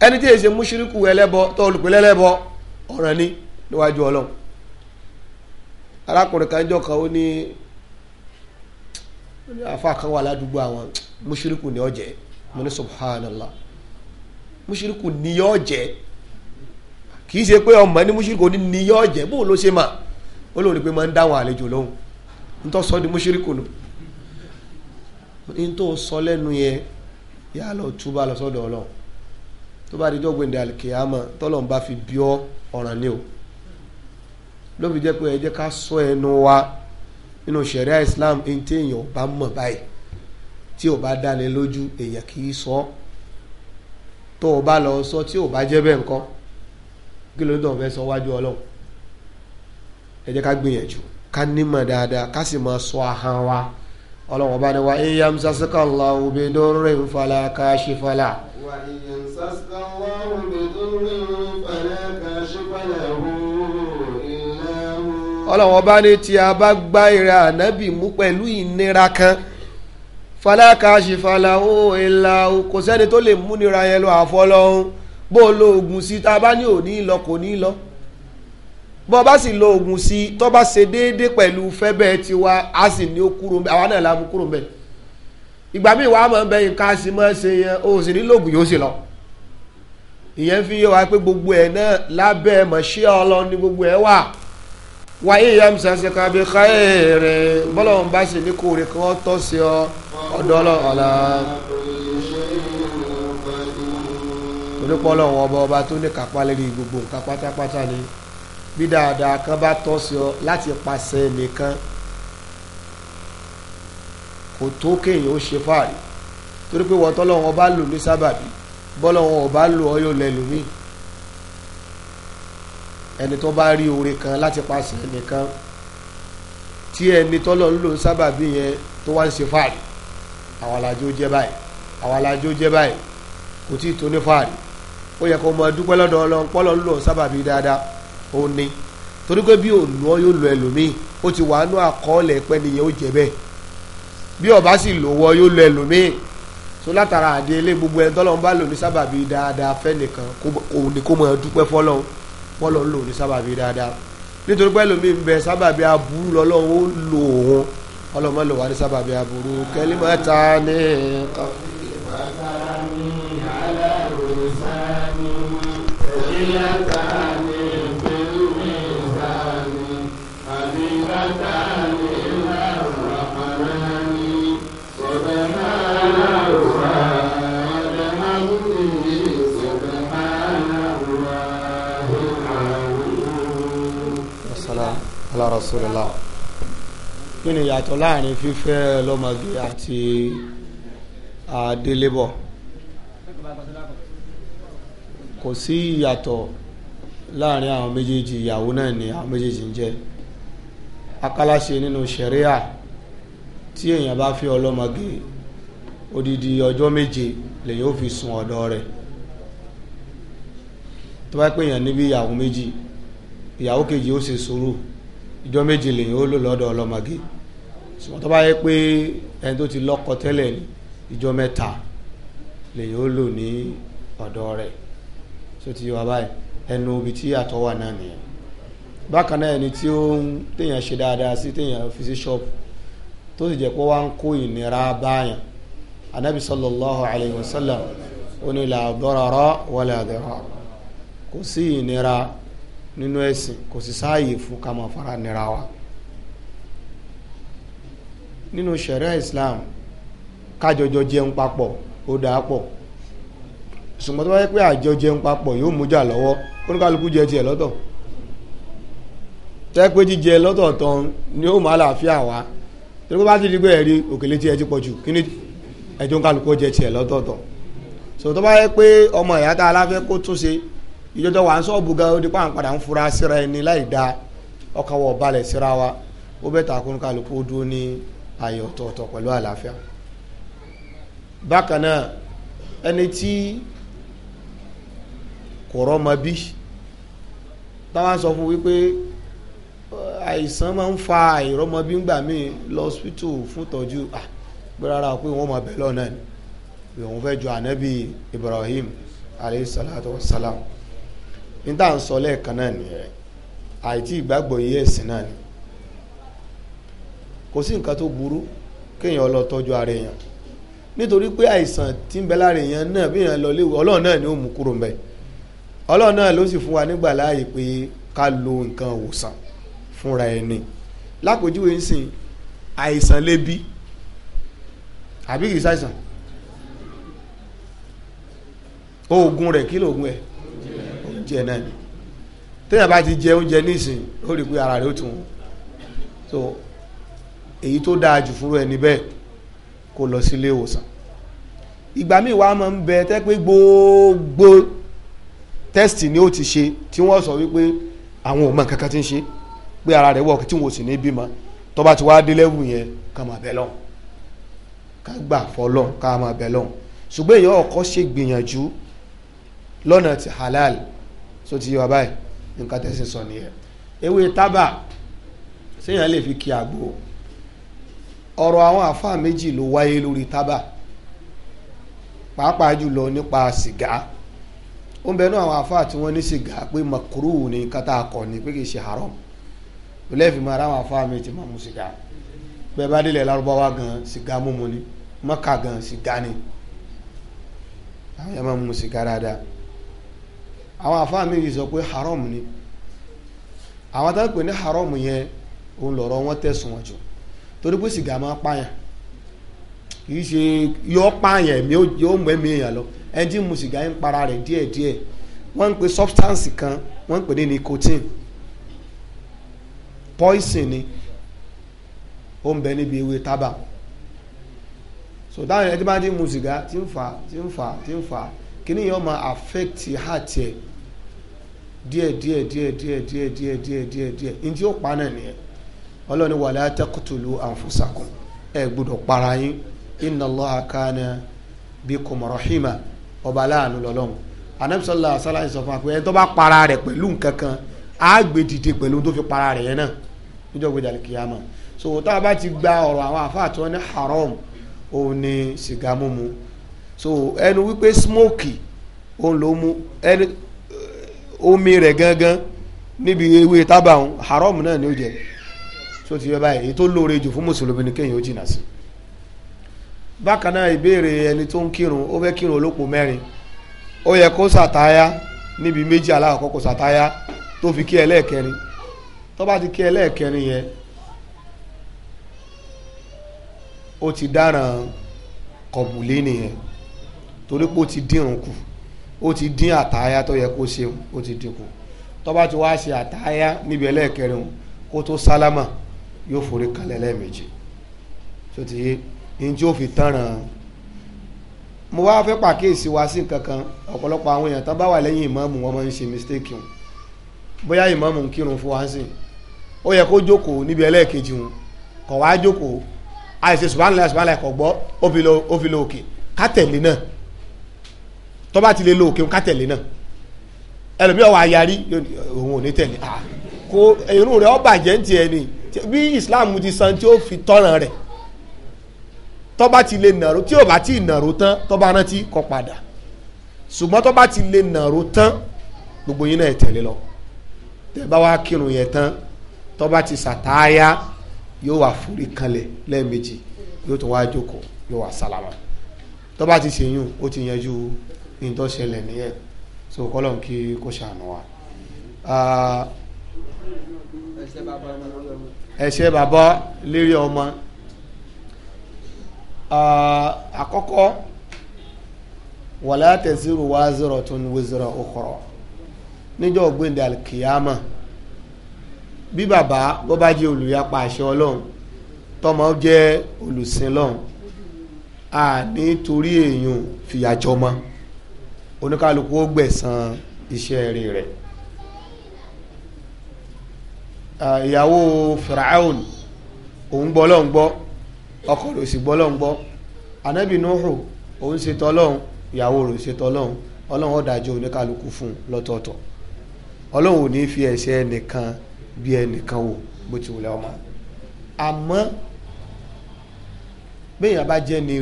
ẹni tí èsì mùṣírìkù ẹlẹ́bọ tó olùpẹ̀lẹ́ ẹlẹ́bọ ọ̀ràn ni níwájú Ọlọ́run arákùnrin kan jọ kan ó ní àfa kan wà ládùúgbò àwọn mùṣírìkù ni ó jẹ́ mo ní subhanallah mùṣírìkù ni ó jẹ́ kì í ṣe pé ọmọ ní mùṣírìkù ní ni yọ jẹ bóun ló ṣe mà ó lóun pé máa ń dáhùn àlejò lóhùn nítorí sọ di mùṣírìkù nù nítorí sọ lẹ́nu yẹn yà á lọ túbà lọ sọ́dọ̀ tó bá di bá fi bí ọ ọ̀ràn ni ẹ jẹ́ ká sọ ẹnu wa nínú ṣẹ̀ríà Islam ẹni tí kí ló dàn fẹ́ sọ wájú ọlọ́run ẹ jẹ́ ká gbìyànjú ká nímọ̀ dáadáa ká sì máa sọ ahọ́n wa ọlọ́run ọba ni wa in yamsaska Allahu bidurrin fala kashifa lah. wa in yamsaska Allahu bidurrin fala kashifa lahu illa hu. ọlọ́run ọba ni tí a bá gbá ìrẹ ànábì mú pẹ̀lú ìnira kan fala kashifa lahu illa hu kò sẹ́ni tó lè múnira yẹn lọ àfọlọ́hún bó o lo oògùn sí tá a bá ní òní lọ kò ní lọ bó o bá sì lo oògùn sí tó bá ṣe déédé pẹ̀lú fẹ́bẹ́ tiwa a sì ní ó kúrò mbẹ àwa náà la mú kúrò mbẹ ìgbà míì wàá mọ̀ ń bẹ nǹkan a sì máa ṣe yẹn o sì ní lóògùn yóò sì lọ ìyẹn fi yé wa pé gbogbo ẹ̀ náà lábẹ́ mọ̀ṣẹ́ ọlọ́run ní gbogbo ẹ̀ wà wàyí ìyá mi sàṣẹ kan bí káyé rẹ̀ bọ́lọ́run bá sì ní kórè kí wọ́n tọ́ sí ọ ọ̀dọ́ ọlọ́run ọ̀la. torí pé ọlọ́run ọba ọba tó ní kápá lérí gbogbo nǹkan pátápátá ni bí dáadáa kan bá tọ́ sí ọ láti pàṣẹ nìkan kò tó kéèyàn ó ṣe fáàrí torí pé wọ́n tọ́lọ́run ọba lò ní sábàbí bọ́lọ́run ọba lò ọ yóò lẹ́nu mí ẹni tó bá rí oore kan láti pàṣẹ nìkan tí ẹni tọ́lọ́run lò ní sábàbí yẹn tó wá ń ṣe fáàrí àwọn alájó jẹ́ báyìí àwọn alájó jẹ́ báyìí kò tí ì tó ní fáàrí ó yẹ kó mọ dúpẹ́ lọ́dọ̀ ọlọ́run pọ́lọ́ ń lò sábàbí dáadáa ó ní torí pé bí òun ọ yóò lo ẹlòmíì ó ti wà nú àkọọ́lẹ̀ pẹ́ nìyẹn ó jẹ bẹ́ẹ̀ bí ọba sì lówó yóò lo ẹlòmíì so látara àdé ilé gbogbo ẹni tọ́lọ́run bá lò ní sábàbí dáadáa fẹ́ nìkan òun ni kó mọ dúpẹ́ fọ́lọ́run pọ́lọ́ ń lò ní sábàbí dáadáa nítorí pé ẹlòmíì ń bẹ sábàbí aburú lọ́lọ́run ó lo òun ọlọ́mọ lò wá ní sábàbí aburú kẹ́lí mọ́ta ní kọ́kí ala rasulillah kí ni yàtọ̀ láàrin fífẹ́ lọ́mọge àti àdélébọ̀ kò sí ìyàtọ̀ láàrin àwọn méjèèjì ìyàwó náà ni àwọn méjèèjì ń jẹ́ akáláṣe nínú ṣẹ̀ríà tí èèyàn bá fi ọlọ́mọge odidi ọjọ́ méje lèyìn ó fi sùn ọ̀dọ̀ rẹ̀ tó bá pè èèyàn níbi ìyàwó méjì ìyàwó kejì ó ṣe sùúrù ìjọ méje lèyìn ó lò lọ́dọ̀ ọlọ́mọge ṣùgbọ́n tó bá yẹ pé ẹni tó ti lọ́kọ tẹ́lẹ̀ ìjọ mẹ́ta lèyìn ó lò ní ọ̀dọ̀ rẹ̀ so ti wà báyìí ẹnu ibi tí àtọ̀ wà náà nìyẹn bákan náà ẹni tí ó ń téèyàn ṣe dáadáa sí téèyàn fi sí ṣọ́ọ̀bù tó sì jẹ́ pé wá ń kó ìnira báyàn anabi sallallahu alayhi wa sallam ó la darara wala dirar kò sí ìnira nínú ẹ̀sìn kò sì sáàyè fún ká fara nira wa nínú sharia islam kájọjọ jẹun papọ̀ ó dàá pọ̀ ṣùgbọ́n tó bá yẹ pé àjọ jẹun papọ̀ yóò mú jà lọ́wọ́ oníkálukú jẹ tiẹ̀ lọ́tọ̀ tẹ́ pé jíjẹ lọ́tọ̀ tán ni ó máa láàfíà wá torí bá ti di pé ẹ̀rí òkèlè tiẹ̀ ti pọ̀ jù kí ni ẹjọ́ oníkálukú jẹ tiẹ̀ lọ́tọ̀ọ̀tọ̀ so tó bá yẹ pé ọmọ ìyá tá a láfẹ́ kó tún ṣe ìjọjọ wà ń sọ́ọ̀bù gan ó di pa àǹpadà ń fura síra ẹni láì dáa ọkàn wọ̀ balẹ̀ síra ẹni tí kò rọ́mọ bí táwọn sọ fún wípé àìsàn máa ń fa àìrọ́mọ bí ń gbà lọ hospital fún ìtọ́jú pé rárá pé wọ́n máa bẹ̀ lọ́nà ni pé òun fẹ́ ju ànábì Ibrahim alayhi salatu wa salam ní tá à ń sọ lẹ́ẹ̀kan náà nìyẹn àìtí ìgbàgbọ́ iye ẹ̀sìn náà ni kò sí nǹkan tó burú kéèyàn lọ tọ́jú ara èèyàn nítorí pé àìsàn tí ń bẹ lára èèyàn náà bí èèyàn lọ léwu ọlọ́run náà ni ó mú kúrò mbẹ́ẹ̀ ọlọ́run náà ló sì fún wa nígbà láàyè pé ká lo nǹkan òwòsàn fúnra ẹni lápòjúwe ń sìn àìsàn lè bí àbí kìí ṣàìsàn oògùn rẹ̀ kí lóògùn ẹ̀ oúnjẹ náà ni téèyàn bá ti jẹ oúnjẹ nísìn ó rí i pé ara rẹ̀ ó tún so èyí tó dáa jù fúnra ẹni bẹ́ẹ̀ kó lọ sí ilé ìwòsàn ìgbà míì wàá máa ń bẹ tẹ́ pé gbogbo test ni ó ti ṣe tí wọ́n sọ wípé àwọn ò mọ nǹkan kan ti ń ṣe pé ara rẹ̀ wọ̀ tí wọ́n sì ní bímọ tó bá ti wá dé level yẹn ká máa bẹ̀ lọ́hùn ká gbà fọlọ́hùn ká máa bẹ̀ lọ́hùn ṣùgbọ́n èèyàn ọkọ̀ ṣe gbìyànjú lọ́nà ti halal tó ti yé wa báyìí nǹkan tẹ̀sí sọ nìyẹn ewé tábà séèyàn lè fi kí àgbo ọ̀rọ̀ àwọn àfáà méjì ló wáyé lórí tábà pàápàá jùlọ nípa sìgá ó ń bẹnu àwọn àfáà tí wọ́n ní sìgá pé makuru ní kátà kọ̀ ní pé kì í ṣe haram lẹ́ẹ̀fì máa ráwọn àfáà mi ti máa mu sìgá bẹ́ẹ̀ bá délẹ̀ lárúbáwá gan sìgá múmu ni mọ́kà gan sìgá ni àwọn yẹn máa mu sìgá dáadáa àwọn àfáà mi yìí sọ pé haram ni àwọn táwọn pè ní haram yẹn òun lọ̀rọ̀ wọn tẹ̀sùn wọn jù torí pé sìgá máa pààyàn kì í ṣe yọ pààyàn yóò mú ẹ̀mí èèyàn lọ ẹni mu sìgá para rẹ̀ díẹ̀díẹ̀ wọ́n ń pe substance kan wọ́n ń pè ní nicotine poison ni ó ń bẹ níbi ewé tábà so táwọn ẹni tí bá ti mu sìgá ti ń fà ti ń fà ti ń fà kíní yẹn máa affect heart ẹ̀ díẹ̀ díẹ̀ díẹ̀ díẹ̀ díẹ̀ díẹ̀ díẹ̀ díẹ̀ díẹ̀ njẹ́ ó pa náà nìyẹn ọlọ́ni wala taqtulu anfusakum ẹ gbọ́dọ̀ para yín inna Allaha rahima ọba aláàánú lọ́lọ́run anabi sallallahu alaihi wasallam sọ fún wa pé ẹni tó bá para rẹ̀ pẹ̀lú nǹkan kan á gbé dìde pẹ̀lú tó fi para rẹ̀ yẹn náà níjọ́ gbé dàlẹ́ kìyàmá so tá a bá ti gba ọ̀rọ̀ àwọn àfa àti wọn ní haram òun ni sìgá mímu so ẹnu wípé smoke òun ló mú ẹni omi rẹ̀ gangan níbi ewé tábà òun haram náà ni ó jẹ so ti yẹ báyìí èyí tó lóore jù fún mùsùlùmí ni kéèyàn ó jìnnà sí bákan náà ìbéèrè ẹni tó ń kírun ó fẹ́ kírun olóko mẹ́rin ó yẹ kó sàtáyà níbi méjì aláwọ̀kọ́ kó sàtáyà tó fi kí ẹlẹ́ẹ̀kẹrin tó bá ti kí ẹlẹ́ẹ̀kẹrin yẹn ó ti dáràn kọ̀bùlé nìyẹn torí pé ó ti dírun kù ó ti dín àtáyà tó yẹ kó ṣe ó ti dín kù tó bá ti wá ṣe àtáyà níbi ẹlẹ́ẹ̀kẹrin kó tó sálámà yóò forí kalẹ̀ lẹ́ẹ̀mejì tó ti yé ní tí ó fi tánràn mo wá fẹ́ pàkíyèsí wa sí nǹkan kan ọ̀pọ̀lọpọ̀ àwọn èèyàn tán bá wà lẹ́yìn ìmáàmù wọn máa ń ṣe mistake wọn bóyá ìmáàmù ń kírun fún wa sí ó yẹ kó jókòó níbi ẹlẹ́ẹ̀kejì wọn kọ̀ wá jókòó àìsè subhanallah subhanallah kọ̀ gbọ́ ó fi lo òkè ká tẹ̀lé náà tó bá ti lè lo òkè ká tẹ̀lé náà ẹlòmíọ̀ wà yarí òun ò ní tẹ̀lé ah, kó irun rẹ̀ ó bàjẹ́ ń tiẹ̀ bí Islam ti san tí ó fi tọ́ràn rẹ̀ tó bá ti lè nàró tí ò bá ti nàró tán tó bá rántí kó padà ṣùgbọ́n tó bá ti lè nàró tán gbogbo yín náà tẹ̀lé lọ tẹ́ bá kírun yẹn tán tó ti sàtáyà yóò wá forí kanlẹ̀ lẹ́ẹ̀mejì yóò tún wá jókòó yóò wá sálámà tó ti ṣèyún ó ti yanjú ní nìyẹn so kọ́lọ̀ kí kò ṣàánú wa. ẹ̀ṣẹ̀ bàbá lérí ọmọ. Uh, àkọ́kọ́ wala taziru waziratun wizra ukhra níjọ́ ògbéǹde alkiyama bí baba bó bá jẹ́ olùyapa àṣẹ ọlọ́run tọmọ jẹ́ olùsìn a nítorí èèyàn fìyàjọ mọ́ oníkálukú ó gbẹ̀san iṣẹ́ rí rẹ̀ uh, ìyàwó Firaun òun gbọ́ lọ́n gbọ́ ọkọ rẹ̀ sì gbọ́ lọ́n gbọ́ anabi nuhu òun ṣe tọ́lọ́hún ìyàwó rẹ̀ ṣe tọ́lọ́hún ọlọ́run ó dájọ́ oníkálukú fún lọ́tọ̀ọ̀tọ̀ ọlọ́run ò ní fi ẹ̀ṣẹ̀ ẹnìkan bí ẹnìkan wò bó ti wùlẹ̀ ọmọ àmọ́ béèyàn bá jẹ́ ni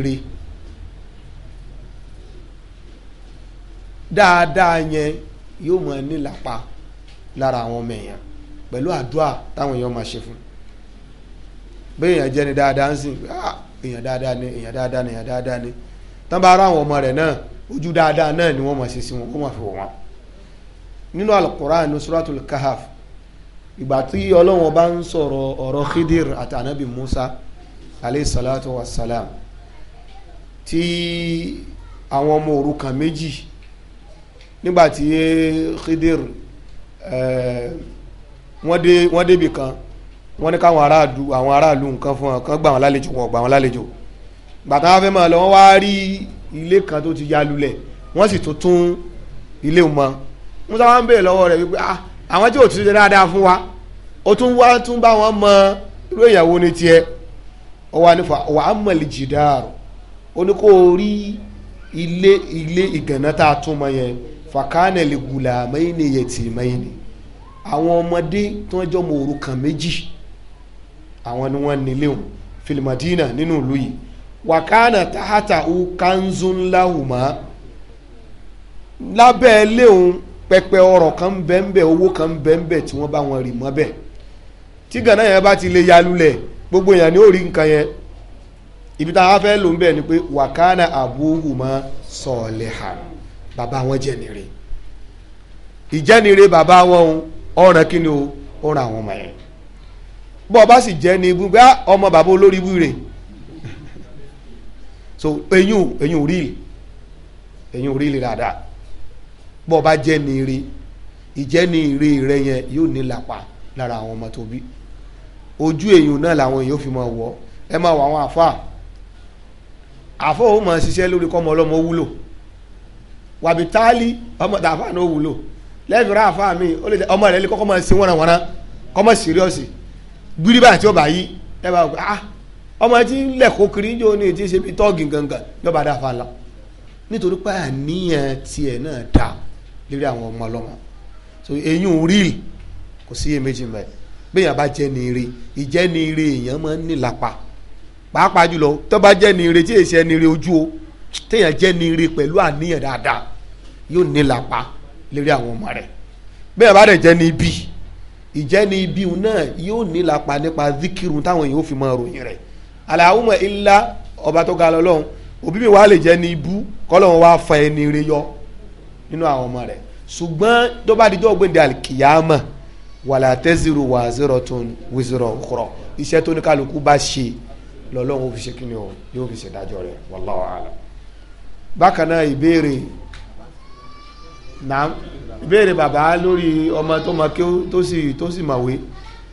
dáadáa yẹn yóò mọ nílàpá lára àwọn ọmọ èèyàn pẹ̀lú àdúrà táwọn èèyàn máa ṣe fún un bẹ́ẹ̀ èèyàn jẹ́ ni dáadáa ń sìn ah, èèyàn dáadáa ni èèyàn dáadáa ni èèyàn dáadáa ni tán bá ara àwọn ọmọ rẹ̀ náà ojú dáadáa náà ni wọ́n mọ̀ sí sí wọn wọ́n mọ̀ fi wọ̀ wọ́n. nínú alukoran ní suratul kahaf ìgbà tí ọlọ́wọ́n bá ń sọ̀rọ̀ ọ̀rọ̀ khidir àti anabi musa alayhi salatu wa salam tí àwọn ọmọ òrukàn méjì nígbà tí khidir eh, wọ́n dé wọ́n kan wọ́n ní káwọn aráàlú àwọn aráàlú nǹkan fún wọn kán gbà wọn lálejò wọn gbà wọn lálejò gbàtà wọn fẹ́ máa lọ wá rí ilé kan tó ti ya lulẹ̀ wọ́n sì tún tún ilé wọn musa wa bèèrè lọ́wọ́ rẹ̀ wípé ah àwọn tí ò tún ṣe dáadáa fún wa ó tún wá tún bá wọn mọ irú ìyàwó ní tiẹ̀ ó wà nífa wà á mọ̀lì jìdáàrò ó ní kó rí ilé ilé ìgànná tá a tún mọ yẹn fàkánẹ̀lì gùlà mẹ́yìn ni yẹtì mẹ́yìn ni àwọn ọmọdé tí wọ́n jọ mọ òrukàn méjì àwọn ni wọ́n nílé òun filimadina nínú ìlú yìí wàkánà tahata u kanzunlahuma lábẹ́ ilé òun pẹpẹ ọrọ̀ kan bẹ́ẹ̀nbẹ́ owó kan bẹ́ẹ̀nbẹ́ tí wọ́n bá wọn rì mọ́ bẹ́ẹ̀ tí gànà yẹn bá ti lè yalulẹ̀ gbogbo èèyàn ni ó rí nǹkan yẹn ibi tá a fẹ́ lò ń bẹ̀ ni pé wàkánà àbúhùmá sọ̀lẹ̀hà bàbá wọn jẹ́nire ìjẹ́nire bàbá wọn ọ̀ràn kí ni o ọ̀ràn àwọn ọmọ yẹn bọ́ ọ bá sì jẹ́ ní ibùgbé ọmọ bàbá olórí ibú rẹ̀ so eyín eyín ríìlì eyín ríìlì dáadáa bọ́ ọ bá jẹ́ ní ire ìjẹ́ ní ire rẹ yẹn yóò ní làpá lára àwọn ọmọ tó bí ojú eyín náà làwọn èèyàn fi máa wọ̀ ẹ máa wọ àwọn àfáà àfáà ó máa ṣiṣẹ́ lórí kọ́mọ ọlọ́mọ wúlò wàbí táálí ọmọ dàáfáà náà wúlò lẹ́yìn rẹ̀ àfáà mi ọmọ rẹ̀ lè kọ́kọ́ máa ṣe wọ́nrawọ́nra kọ́mọ síríọ́sì gbíríbà tí ó bá yí ẹ bá gbà ah ọmọ tí lẹ́kọ̀ọ́ kiri jọ ní etí ṣe bí tọ́ọ̀gì gangan yóò bá dá la nítorí pé àníyàn tiẹ̀ náà dá lórí àwọn ọmọ ọlọ́mọ so eyín ò rí kò sí iyèméjì mẹ́ bẹ́ẹ̀ bá jẹ́ ní ire ìjẹ́ ní ire èèyàn máa ń nílapa pàápàá jùlọ tó bá jẹ́ ní ire tí èsì ẹni ire ojú o téèyàn jẹ́ ní ire pẹ̀lú àníyàn dáadáa yóò nílapa lórí àwọn ọmọ rẹ̀ bẹ́ẹ̀ bá dẹ̀ jẹ́ ní ibi ìjẹ́ni ibi náà yóò nílapa nípa zikiru táwọn èèyàn ò fi máa ròyìn rẹ̀ aláwùmọ̀ ilá ọba tó ga lọ́lọ́run òbí mi wàá lè jẹ́ ní ibú kọ́lọ́run wàá fa ẹni rẹ yọ nínú àwọn ọmọ rẹ̀ ṣùgbọ́n tó bá dijọ́ gbẹ̀dẹ̀ alikiyama wàlà tẹ́sírù wà zero tó wíṣírọ̀ kúrọ̀ iṣẹ́ tó ní kálukú bá ṣe lọ́lọ́run ò fi ṣe kí ni o yóò fi ṣèdájọ́ rẹ̀ wallahu na ìbéèrè bàbá lórí ọmọ tó mọ kí tó sì tó sì mọ̀wé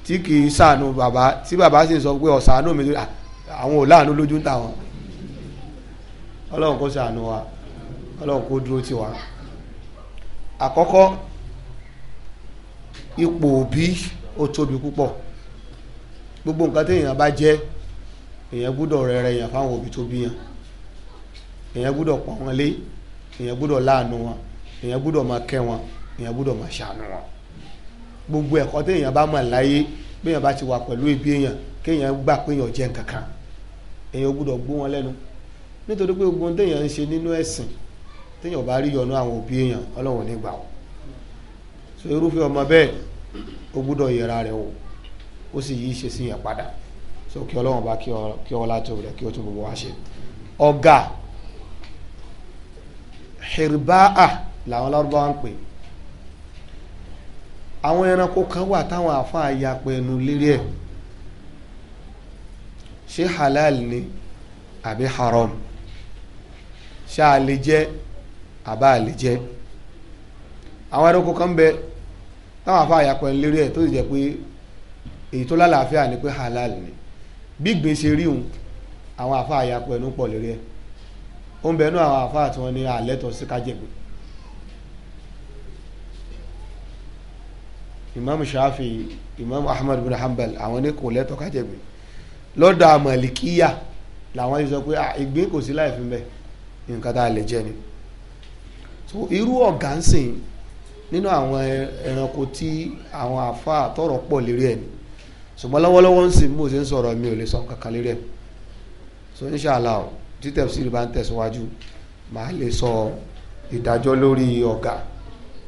tí kì í sànù bàbá tí bàbá sì sọ pé ọ̀sánù mi àwọn ò láàánú lójú ń tà wọn ọlọ́run kó sànù wa ọlọ́run kó dúró tì wá àkọ́kọ́ ipò òbí ó tóbi púpọ̀ gbogbo nǹkan téèyàn bá jẹ́ èèyàn gbúdọ̀ rẹ̀rẹ̀ èèyàn fáwọn òbí tó bí yàn èèyàn gbúdọ̀ pọ̀ wọn lé èèyàn gbúdọ̀ láàánú wọn èèyàn gbúdọ̀ máa kẹ́ wọn èèyàn gbúdọ̀ máa ṣàánú wọn gbogbo ẹ̀kọ́ téèyàn bá mọ̀ láyé béèyàn bá ti wà pẹ̀lú ibi èèyàn kéèyàn gbà péèyàn jẹ́ nǹkankan èèyàn gbúdọ̀ gbó wọn lẹ́nu nítorí pé gbogbo téèyàn ń ṣe nínú ẹ̀sìn téèyàn bá rí yọ́nú àwọn òbí èèyàn ọlọ́run nígbà o so irúfẹ́ ọmọ bẹ́ẹ̀ ó gbúdọ̀ yẹra rẹ̀ o ó sì yí ṣe sí yẹn padà so kí ọlọ́run bá kí ọ láti rẹ̀ kí ó tún gbogbo wa ṣe ọ̀gá hirbaa làwọn lọ́rùbá ń pè àwọn ẹranko kan wà táwọn àfáà ya pẹ̀lú lérí ẹ̀ ṣé halal ni àbí haram ṣé a lè jẹ àbá a lè jẹ àwọn ẹranko kan bẹ táwọn àfáà ya pẹ̀lú lérí ẹ̀ tó sì jẹ́ pé èyí tó lálàáfíà ni pé halal ni bí gbèsè rí òun àwọn àfáà ya pẹ̀lú pọ̀ lérí ẹ̀ ó ń bẹnu àwọn àfáà tí wọ́n ní alẹ́tọ̀ sí kájẹ̀gbẹ̀ imam shafi imam ahmad bin hanbal àwọn ní kò lẹ́tọ̀ọ́ ká jẹ̀gbìn lọ́dọ̀ àmàlìkíyà làwọn yìí sọ pé ah, ìgbín kò sí láì fi bẹ́ẹ̀ nǹkan tá a lè jẹ ni so irú ọ̀gá ń sìn nínú àwọn ẹranko tí àwọn àfa tọrọ pọ̀ lérí ẹ̀ ni ṣùgbọ́n lọ́wọ́lọ́wọ́ ń sìn mo ṣe ń sọ̀rọ̀ mi ò lè sọ kankan lérí ẹ̀ so inshàlá o tí tẹ̀síìrì bá ń tẹ̀síwájú màá lè sọ ìdájọ́ lórí ọ̀gá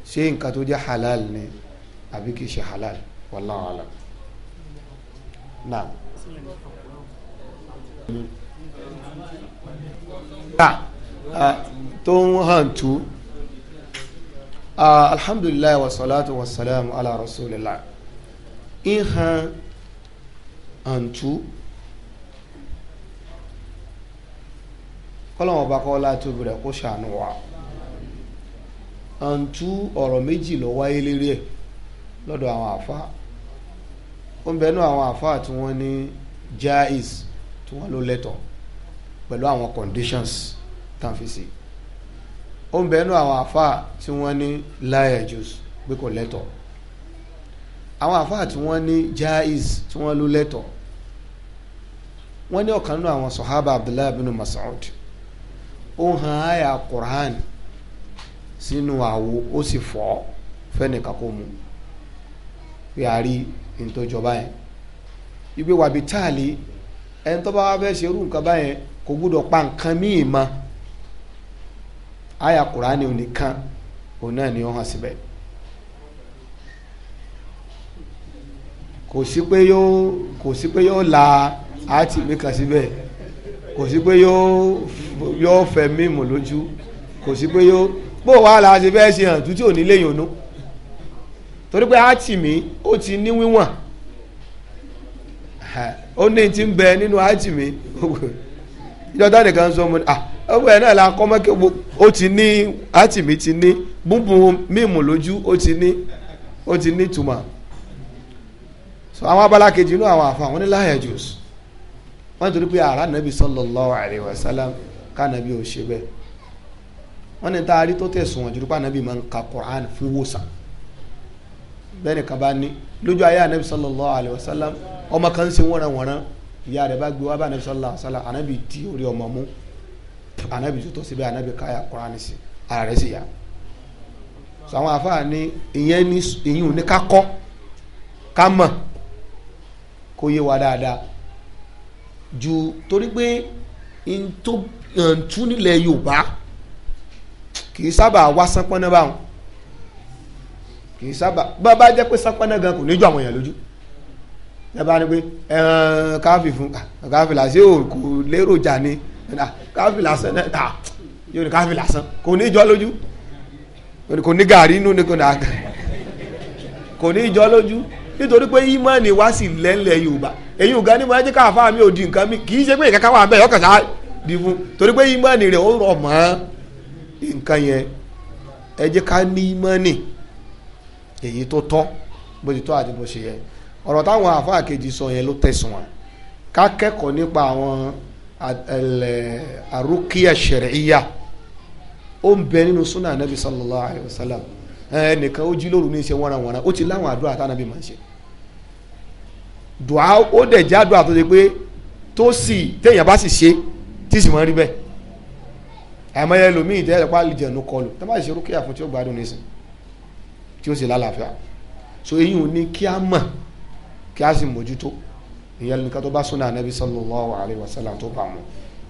ṣé nǹkan tó jẹ́ halal ni àbí kì í ṣe halal wallahu alam naam. Ah, ah, tó ń hàn tú ah, alhamdulilayi wa salatu wa salam ala rasulillah ń hàn hàn tú kọ́lọ́wọ́n bá kọ́ láti obìnrin kó ṣàánú wa hàn tú ọ̀rọ̀ méjì ló wáyé lérí ẹ̀ lọ́dọ̀ àwọn àfa ó ń bẹnu àwọn àfa tí wọ́n ní jaiz tí wọ́n ló lẹ́tọ̀ pẹ̀lú àwọn conditions tá à ń fi sí ó ń bẹnu àwọn àfa tí wọ́n ní layajus pé kò lẹ́tọ̀ àwọn àfa tí wọ́n ní jaiz tí wọ́n ló lẹ́tọ̀ wọ́n ní ọ̀kan nínú àwọn sọ̀hábà abdullahi bin Mas'ud ó hàn áyà Qur'an sínú àwo ó sì fọ́ fẹ́nìkan kó mu pé a rí ní tó jọba yẹn ìgbé wàbí táàlì ẹni tó bá wá fẹ́ ṣerú nǹkan báyẹn kò gbúdọ̀ pa nǹkan míì mọ́ àyà kùránì nìkan òun náà ni ó hàn síbẹ̀ kò sí pé yóò kò sí pé yóò la àti mi kàn síbẹ̀ kò sí pé yóò yóò fẹ́ mímù lójú kò sí pé yóò bó wàhálà àti bẹ́ẹ̀ ṣe hàn tútù ò ní léyìn ònú. No? torí pé átìmí ó ti ní wíwọ̀n ó ní ti ń bẹ nínú átìmí ìjọba nìkan sọ mo ah ọgbà ẹ̀ náà la kọ́ mọ́kẹ́ ó ti ní átìmí ti ní búbùn mímu lójú ó ti ní ó ti ní tùmọ̀ so àwọn abala kejì inú àwọn àfa àwọn oníláyà jùs wọ́n torí pé ara nàbí sallallahu alaihi wasallam ò ṣe rí tó wọn ka Qur'an fún wòsàn bẹ́ẹ̀ni kan bá ní lójú ayé anabi sallallahu alayhi wa sallam ọmọ kan ṣe wọ́nra wọ́nra ìyá rẹ̀ bá gbé wá bá anabi sallallahu alayhi wa sallam anabi ti orí ọmọ mú anabi tó tọ́ síbẹ̀ anabi káyà kúránì sí ara rẹ̀ sì yá sọ àwọn afáà ní ìyẹn ní ìyún ní ká kọ́ kó yé wa dáadáa ju torí pé ntú yorùbá kì í sábà wá sánpọ́n náà báwọn kì í sábà bá bá jẹ́ pé sápánà gan kò ní jọ àwọn èèyàn lójú sábà ni pé ẹ̀ẹ́n káfí fún káfí làásì òkú lérò jà ni káfí làásán náà yóò ní káfí kò ní jọ lójú kò ní gàrí inú ni kò ní àgà kò ní jọ lójú nítorí pé ìmọ̀ọ́nì wá sí lẹ́lẹ̀ yorùbá èyí ò ni káfá mi ò di nǹkan mi kì í ṣe pé ìkẹ́kẹ́ wà bẹ́ẹ̀ ọkàn sáà di fún torí pé ìmọ̀ọ́nì rẹ̀ ó rọ̀ mọ́ nǹkan yẹn ká ní ìmọ̀ọ́nì èyí tó tọ́ bó ti tọ́ àti bó ṣe yẹ ọ̀rọ̀ táwọn àfáà kejì sọ yẹn ló tẹ̀sùn wọn ká kẹ́kọ̀ọ́ nípa àwọn àrùkíyà ṣẹ̀ríyà ó ń bẹ nínú súnà anabi sallallahu alayhi wa sallam ó jí lóru ní iṣẹ́ wọ́nrawọ́nra ó ti láwọn àdúrà tánàbí máa ń ṣe dùá ó dẹ̀ já dùá tó ṣe pé tó sì téèyàn bá sì ṣe tí sì máa rí bẹ́ẹ̀ àmọ́ ẹlòmíì kọlù bá ṣe rúkìá fún tí ó sì lálàáfíà so eyín ò ní kí á mọ̀ kí á sì mójútó ìyẹn nìkan tó bá súnà ànábi sallallahu alayhi wa sallam tó bá wọn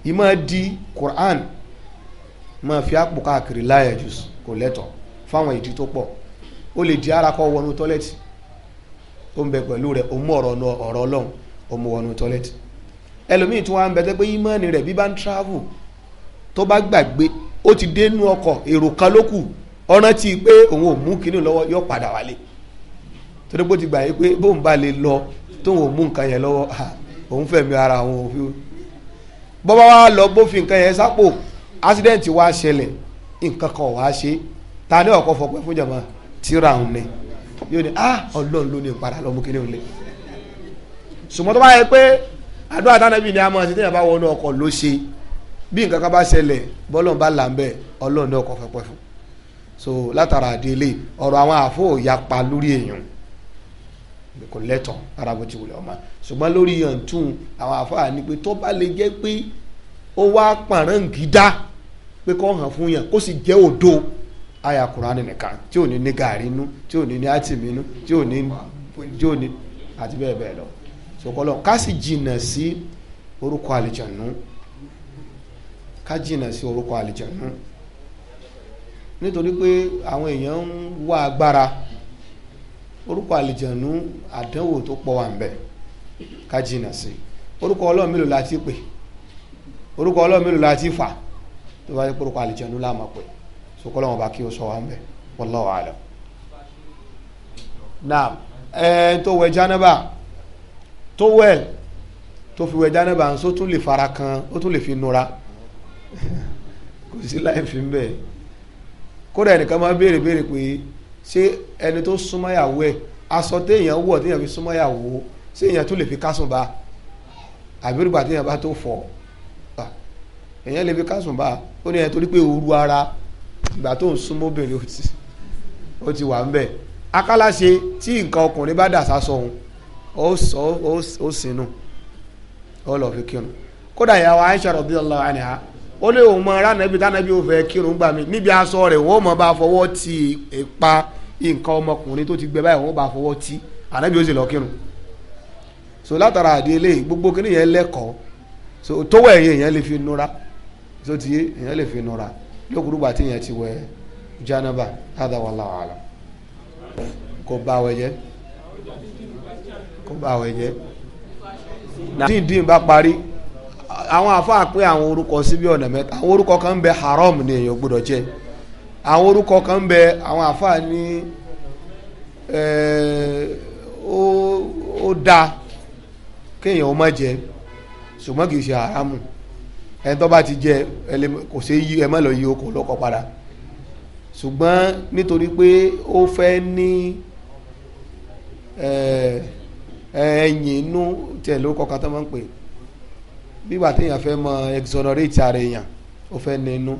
ìmọ̀ di Qur'an máa fi àpò káàkiri láyà jù kò lẹ́tọ̀ fáwọn ìdí tó pọ̀ ó lè di arakọ wọnú tọ́lẹ́tì ó ń bẹ pẹ̀lú rẹ̀ ó mú ọ̀rọ̀ ọ̀rọ̀ ọlọ́run ó mú wọnú tọ́lẹ́tì ẹlòmíì tí wọ́n á ń bẹ pé ìmọ̀ọ́nì rẹ̀ bí bá ń travel tó bá gbàgbé ó ti dé inú ọkọ̀ èrò kan ló kù ọ̀ràn tí pé òun ò mú kinní lọ́wọ́ yóò padà wálé torí bó ti gbà yí pé bóun bá lè lọ tóun ò mú nǹkan yẹn lọ́wọ́ òun fẹ̀mí ara òun bọ́bá wa lọ bófin nǹkan yẹn sápò wa ṣẹlẹ̀ nǹkan kan wàá ṣe ta ni ọkọ̀ fọpẹ́ fún jàmá tíra òun ni yóò ní ah ni a máa ṣe bá wọnú ló ṣe bí nǹkan kan bá ṣẹlẹ̀ bọ́lọ̀ bá là ń bẹ̀ ọlọ́run ní so látara àdélé ọ̀rọ̀ àwọn àfọ òyapa lórí èèyàn kò lẹ́tọ̀ ara bó ti wulẹ̀ ọmọ ṣùgbọ́n lórí yàntún àwọn àfọ àní pé tó bá lè jẹ́ pé ó wá pàrọ̀ǹgídá pé kó hàn fún yàn kó sì jẹ́ òdo àyà kùránì nìkan tí ò ní ní gàrí inú tí ò ní ní átìmí inú tí ò ní tí ò ní àti bẹ́ẹ̀ bẹ́ẹ̀ lọ sọkọlọ ká sì jìnnà sí orúkọ àlìjànú ká jìnnà sí orúkọ àlìjànú nítorí pé àwọn èèyàn ń wá agbára orúkọ àlìjànú àdánwò tó pọ̀ wà ń bẹ ká jìnnà sí orúkọ ọlọ́run mélòó la ti pè orúkọ ọlọ́run mélòó la ti fà tó bá yẹ kó orúkọ àlìjànú la máa pè sọkọ́ lọ́wọ́ bá kí o sọ wà ń bẹ wallahu alam. naam ẹ tó wẹ̀ jánábà tó wẹ̀ tó fi wẹ̀ jánábà ń sọ tún lè fara kan ó tún lè fi nura kò sí láì fi ń bẹ́ẹ̀ kódà ẹnìkan máa béèrè béèrè pé ṣé ẹni tó súnmọ́ ìyàwó ẹ̀ aṣọ téèyàn wọ̀ téèyàn fi súnmọ́ ìyàwó ṣé èèyàn tún lè fi kásùn bá àbírùgbà téèyàn bá tó fọ̀ èèyàn lè fi kásùn bá ó ní ẹni torí pé ooru ara ìgbà tó ń súnmọ́ obìnrin ó ti wà ń bẹ̀ akálàṣe tí nǹkan ọkùnrin bá dà sásọ òun ó sinú ó lọ fi kírun kódà ìyàwó Aisha radiyallahu anha ó lè òun mọ ránàbí tánàbí ò fẹ́ kírun gbà mí níbi aṣọ rẹ̀ wọ́n mọ̀ bá fọwọ́ ti ipa nǹkan ọmọkùnrin tó ti gbẹ báyìí wọ́n bá fọwọ́ ti ànábì ó sì lọ kírun so látara àdéhélé gbogbo kí nìyẹn lẹ́kọ̀ọ́ so tówó ẹ̀yìn èèyàn lè fi nura so ti yé èèyàn lè fi nura lókùrúgbà tí ti wẹ ti hada wallahu kò bá àwẹ̀ jẹ́ kò bá bá àwọn àfáà pé àwọn orúkọ síbi ọ̀nà mẹ́ta àwọn orúkọ kan ń bẹ haram ni èèyàn gbọ́dọ̀ jẹ àwọn orúkọ kan ń bẹ àwọn àfáà ní ó dáa kéèyàn ó má jẹ ṣùgbọ́n kì í ṣe haramu ẹni tó bá ti jẹ kò ṣe yí ẹ má lọ yí okò padà ṣùgbọ́n bígbà téèyàn fẹ́ mọ exonerate ara èèyàn ó fẹ́ nínú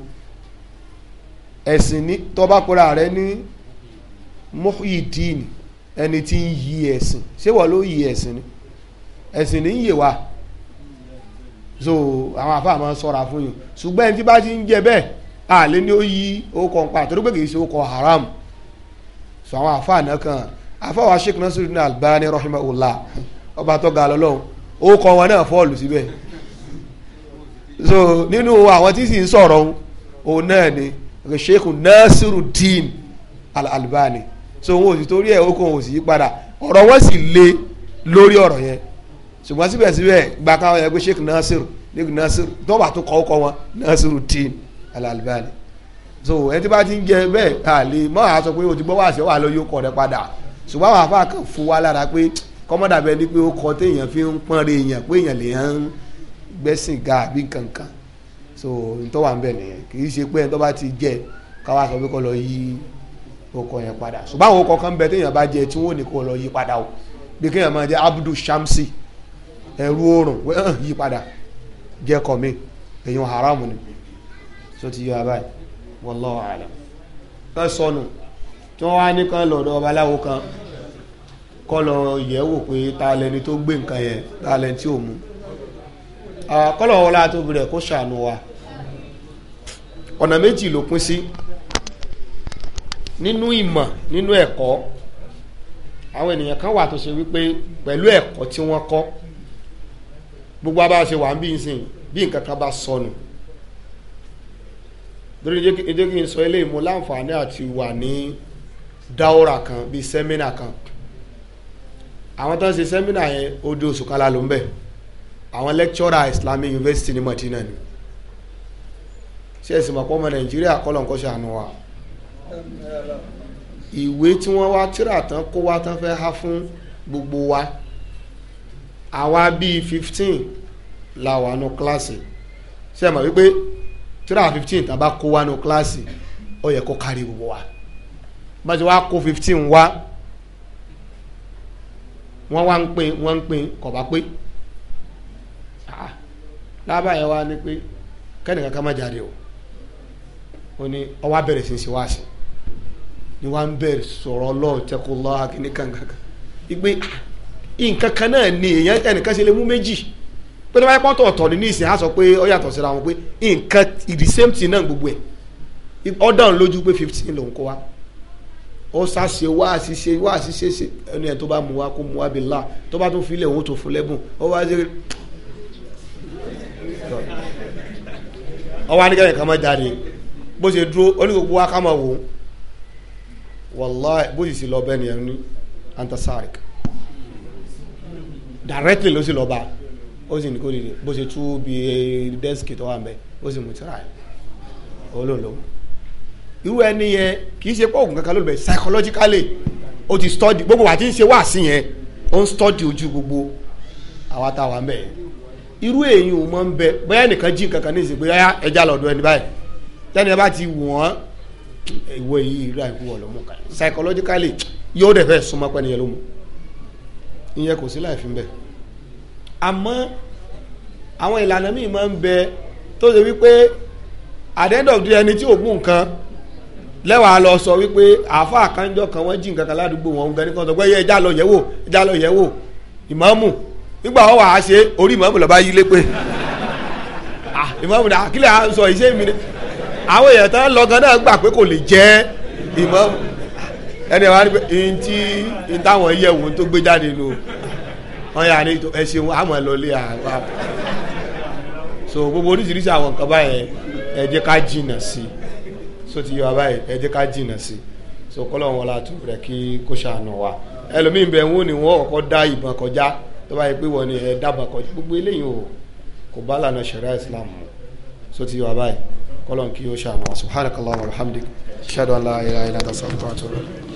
ẹ̀sìn ní tọ́ba kura rẹ ní muhyiddin ẹni tí ń yí ẹ̀sìn ṣé wọ́n ló yí ẹ̀sìn ni ẹ̀sìn ní ń yè wá so àwọn afáàmọ́ sọ̀ra fún yìí ṣùgbọ́n ẹni tí bá ti ń jẹ bẹ́ẹ̀ àlẹ́ ni ó yí okọ̀ ń pa pé kì í ṣe okọ̀ haram so àwọn afáàná kan afáwà Sheikh Nasiruddin Albani rahimahullah ọba tó ga lọ́lọ́run okọ̀ wọn náà fọ́ọ̀lù síbẹ̀ so nínú àwọn tí sì ń sọ̀rọ̀ òun náà ni sheikh nasiruddin al-albani so wọn ò sì torí ẹ̀ okun ò sì yí padà ọ̀rọ̀ wọn sì le lórí ọ̀rọ̀ yẹn ṣùgbọ́n síbẹ̀síbẹ̀ gba káwọn yẹn pé sheikh nasir sheikh nasir tó bá tó kọ́ ọkọ wọn nasiruddin al-albani so ẹni tí bá ti ń jẹ bẹ́ẹ̀ àlè mọ́ àá sọ pé o ti gbọ́ wá sí wà lóyún kọ̀ rẹ padà ṣùgbọ́n àwọn afáàkàn fún wa lára pé kọ́mọ́dà bẹ́ẹ̀ ni pé ó kọ téèyàn fi ń pọ́n re èèyàn pé èèyàn gbẹ́sìn ga àbí kankan so ntọ́ wà ń bẹ̀ nìyẹn kì í ṣe pé ẹni tó bá ti jẹ káwá sọ pé kó lọ yí ọkọ yẹn padà ṣùgbọ́n àwọn ọkọ kan bẹ téèyàn bá jẹ tí wọ́n ò ní kó lọ yí padà o bí kéèyàn máa jẹ Abdul Shamsi ẹrú oòrùn yí padà jẹ kọ mi èèyàn haram ni so ti yọ abáyé wallahu alam kan sọnù tí wọ́n wá ní kan lọ́dọ̀ babaláwo kan kó lọ yẹ̀ wò pé ta lẹni tó gbé nǹkan yẹn ta lẹni tí ò mú Ah, kọ́lọ̀ wọlá tóbi rẹ̀ kó ṣàánú wa ọ̀nà méjì ló pín sí nínú ìmọ̀ nínú ẹ̀kọ́ àwọn ènìyàn kan wà tó ṣe wípé pẹ̀lú ẹ̀kọ́ tí wọ́n kọ́ gbogbo abá ṣe wà ń bí nsìn bí nǹkan kan bá sọnù lórí ìjẹ́ kí n sọ ilé ìmọ̀ láǹfààní àti wà ní dáwọ́rà kan bíi sẹ́mínà kan àwọn tó ń ṣe sẹ́mínà yẹn ó di oṣù kálá ló ń bẹ̀ àwọn lecturer Islamic University ní Madina ni ṣé ẹ̀sìn mọ̀ pọ́ ọmọ Nàìjíríà kọ́lọ̀ nǹkan ṣàánú wa ìwé tí wọ́n wá tíra tán kó wá tán fẹ́ há fún gbogbo wa àwa bíi fifteen la wà nù kíláàsì ṣé ẹ mọ̀ wípé tíra fifteen tá a bá kó wá nù kíláàsì ó yẹ kó kárí gbogbo wa bá ti wá kó fifteen wá wọ́n wá ń pín wọ́n ń pín kò bá pé. lábàá yẹn wá ní pé kẹ́nìkan jáde o ó ní ọwá bẹ̀rẹ̀ sí sí wáàsí ni wọ́n á bẹ̀rẹ̀ sọ̀rọ̀ ọlọ́run tẹ́kọ̀ lọ́wọ́ akíní kankan ìgbé nǹkan kan náà ni èèyàn ẹnìkan ṣe lè mú méjì pé ní wáyé pọ́ńtò ọ̀tọ̀ ni ní ìsìn á sọ pé ó yàtọ̀ síra wọn pé nǹkan ìdí same thing náà gbogbo ẹ̀ ọ̀dàn lójú pé fifteen lòun kó wa ó ṣàṣe wá àṣìṣe wá àṣìṣe ẹni ẹ̀ tó bá mú wa kó mú wa bí tó bá tún filẹ̀ òun tó fún lẹ́bùn ó wá ṣe ọwọ́ anigẹ́rẹ́ kan mọ́ jáde bó ṣe dúró onígbogbo wa ká mọ̀ wò wàláì bó sì sì lọ bẹ́ẹ̀ nìyẹn ní antasarik directly ló sì lọ bá ó sì ní kó dìde bó ṣe tú bí dẹ́sìkì tó wà ń bẹ ó sì mú tíra ẹ̀ olóòlò irú ẹni yẹn kì í ṣe pọ̀ kankan ló bẹ̀ psychologically ó ti study gbogbo wa ti ń ṣe wáàsí yẹn ó ń study ojú gbogbo àwa tá ń bẹ̀ yẹn irú èyí ò mọ̀ ń bẹ bóyá nìkan jí nǹkan kan ní ìsìnkú yáyá ẹja lọ́dọ̀ ẹni báyìí tẹ́ni ẹ bá ti wọ̀n ìwọ yìí rà ìwọ lọ́mọ kan psychologically yóò dẹ̀ fẹ́ súnmọ́ pẹ́ni yẹn ló mu ìyẹn kò sí láì bẹ àmọ́ àwọn ìlànà míì máa ń bẹ tó ṣe wípé at end of the day ẹni tí ò mú nǹkan lẹ́wàá lọ sọ wípé àáfàá kanjọ́ kan wọ́n jí nǹkan kan ládùúgbò wọn gan ní kan sọ pé ẹja nígbà wọn wà á ṣe orí ìmọ̀ọ́mù lọ́ba yí lé pé ìmọ̀ọ́mù náà kílẹ̀ à ń sọ iṣẹ́ mi ni àwọn èèyàn tán lọ́gán náà gbà pé kò lè jẹ́ ìmọ̀ọ́mù ẹni wàá ní pé ntí ntáwọn yẹ̀wò tó gbé jáde nù wọn yà ní ẹ ṣeun àmọ́ ẹ lọlé àwọn àpò so gbogbo oríṣiríṣi àwọn nǹkan báyẹn ẹ jẹ́ ká jìnnà sí so ti yọ abáyé ẹ jẹ́ ká jìnnà sí so kọ́lọ́ wọn la tó rẹ̀ kí kó ṣàánú wa ẹlòmíín bẹ́ẹ̀ ń wò ní wọn kọ́kọ́ dá ìbọn kọjá tó bá yẹ pé wọ́n ní ẹ dábàá kọjá gbogbo eléyìí o kò bá lànà ṣẹ̀ríà islam mu so ti wà báyìí kọ́lọ́n kí o ṣàánú subhanakallah wa alhamdulilayi ṣáàdùn aláìláìlá tó sọ̀rọ̀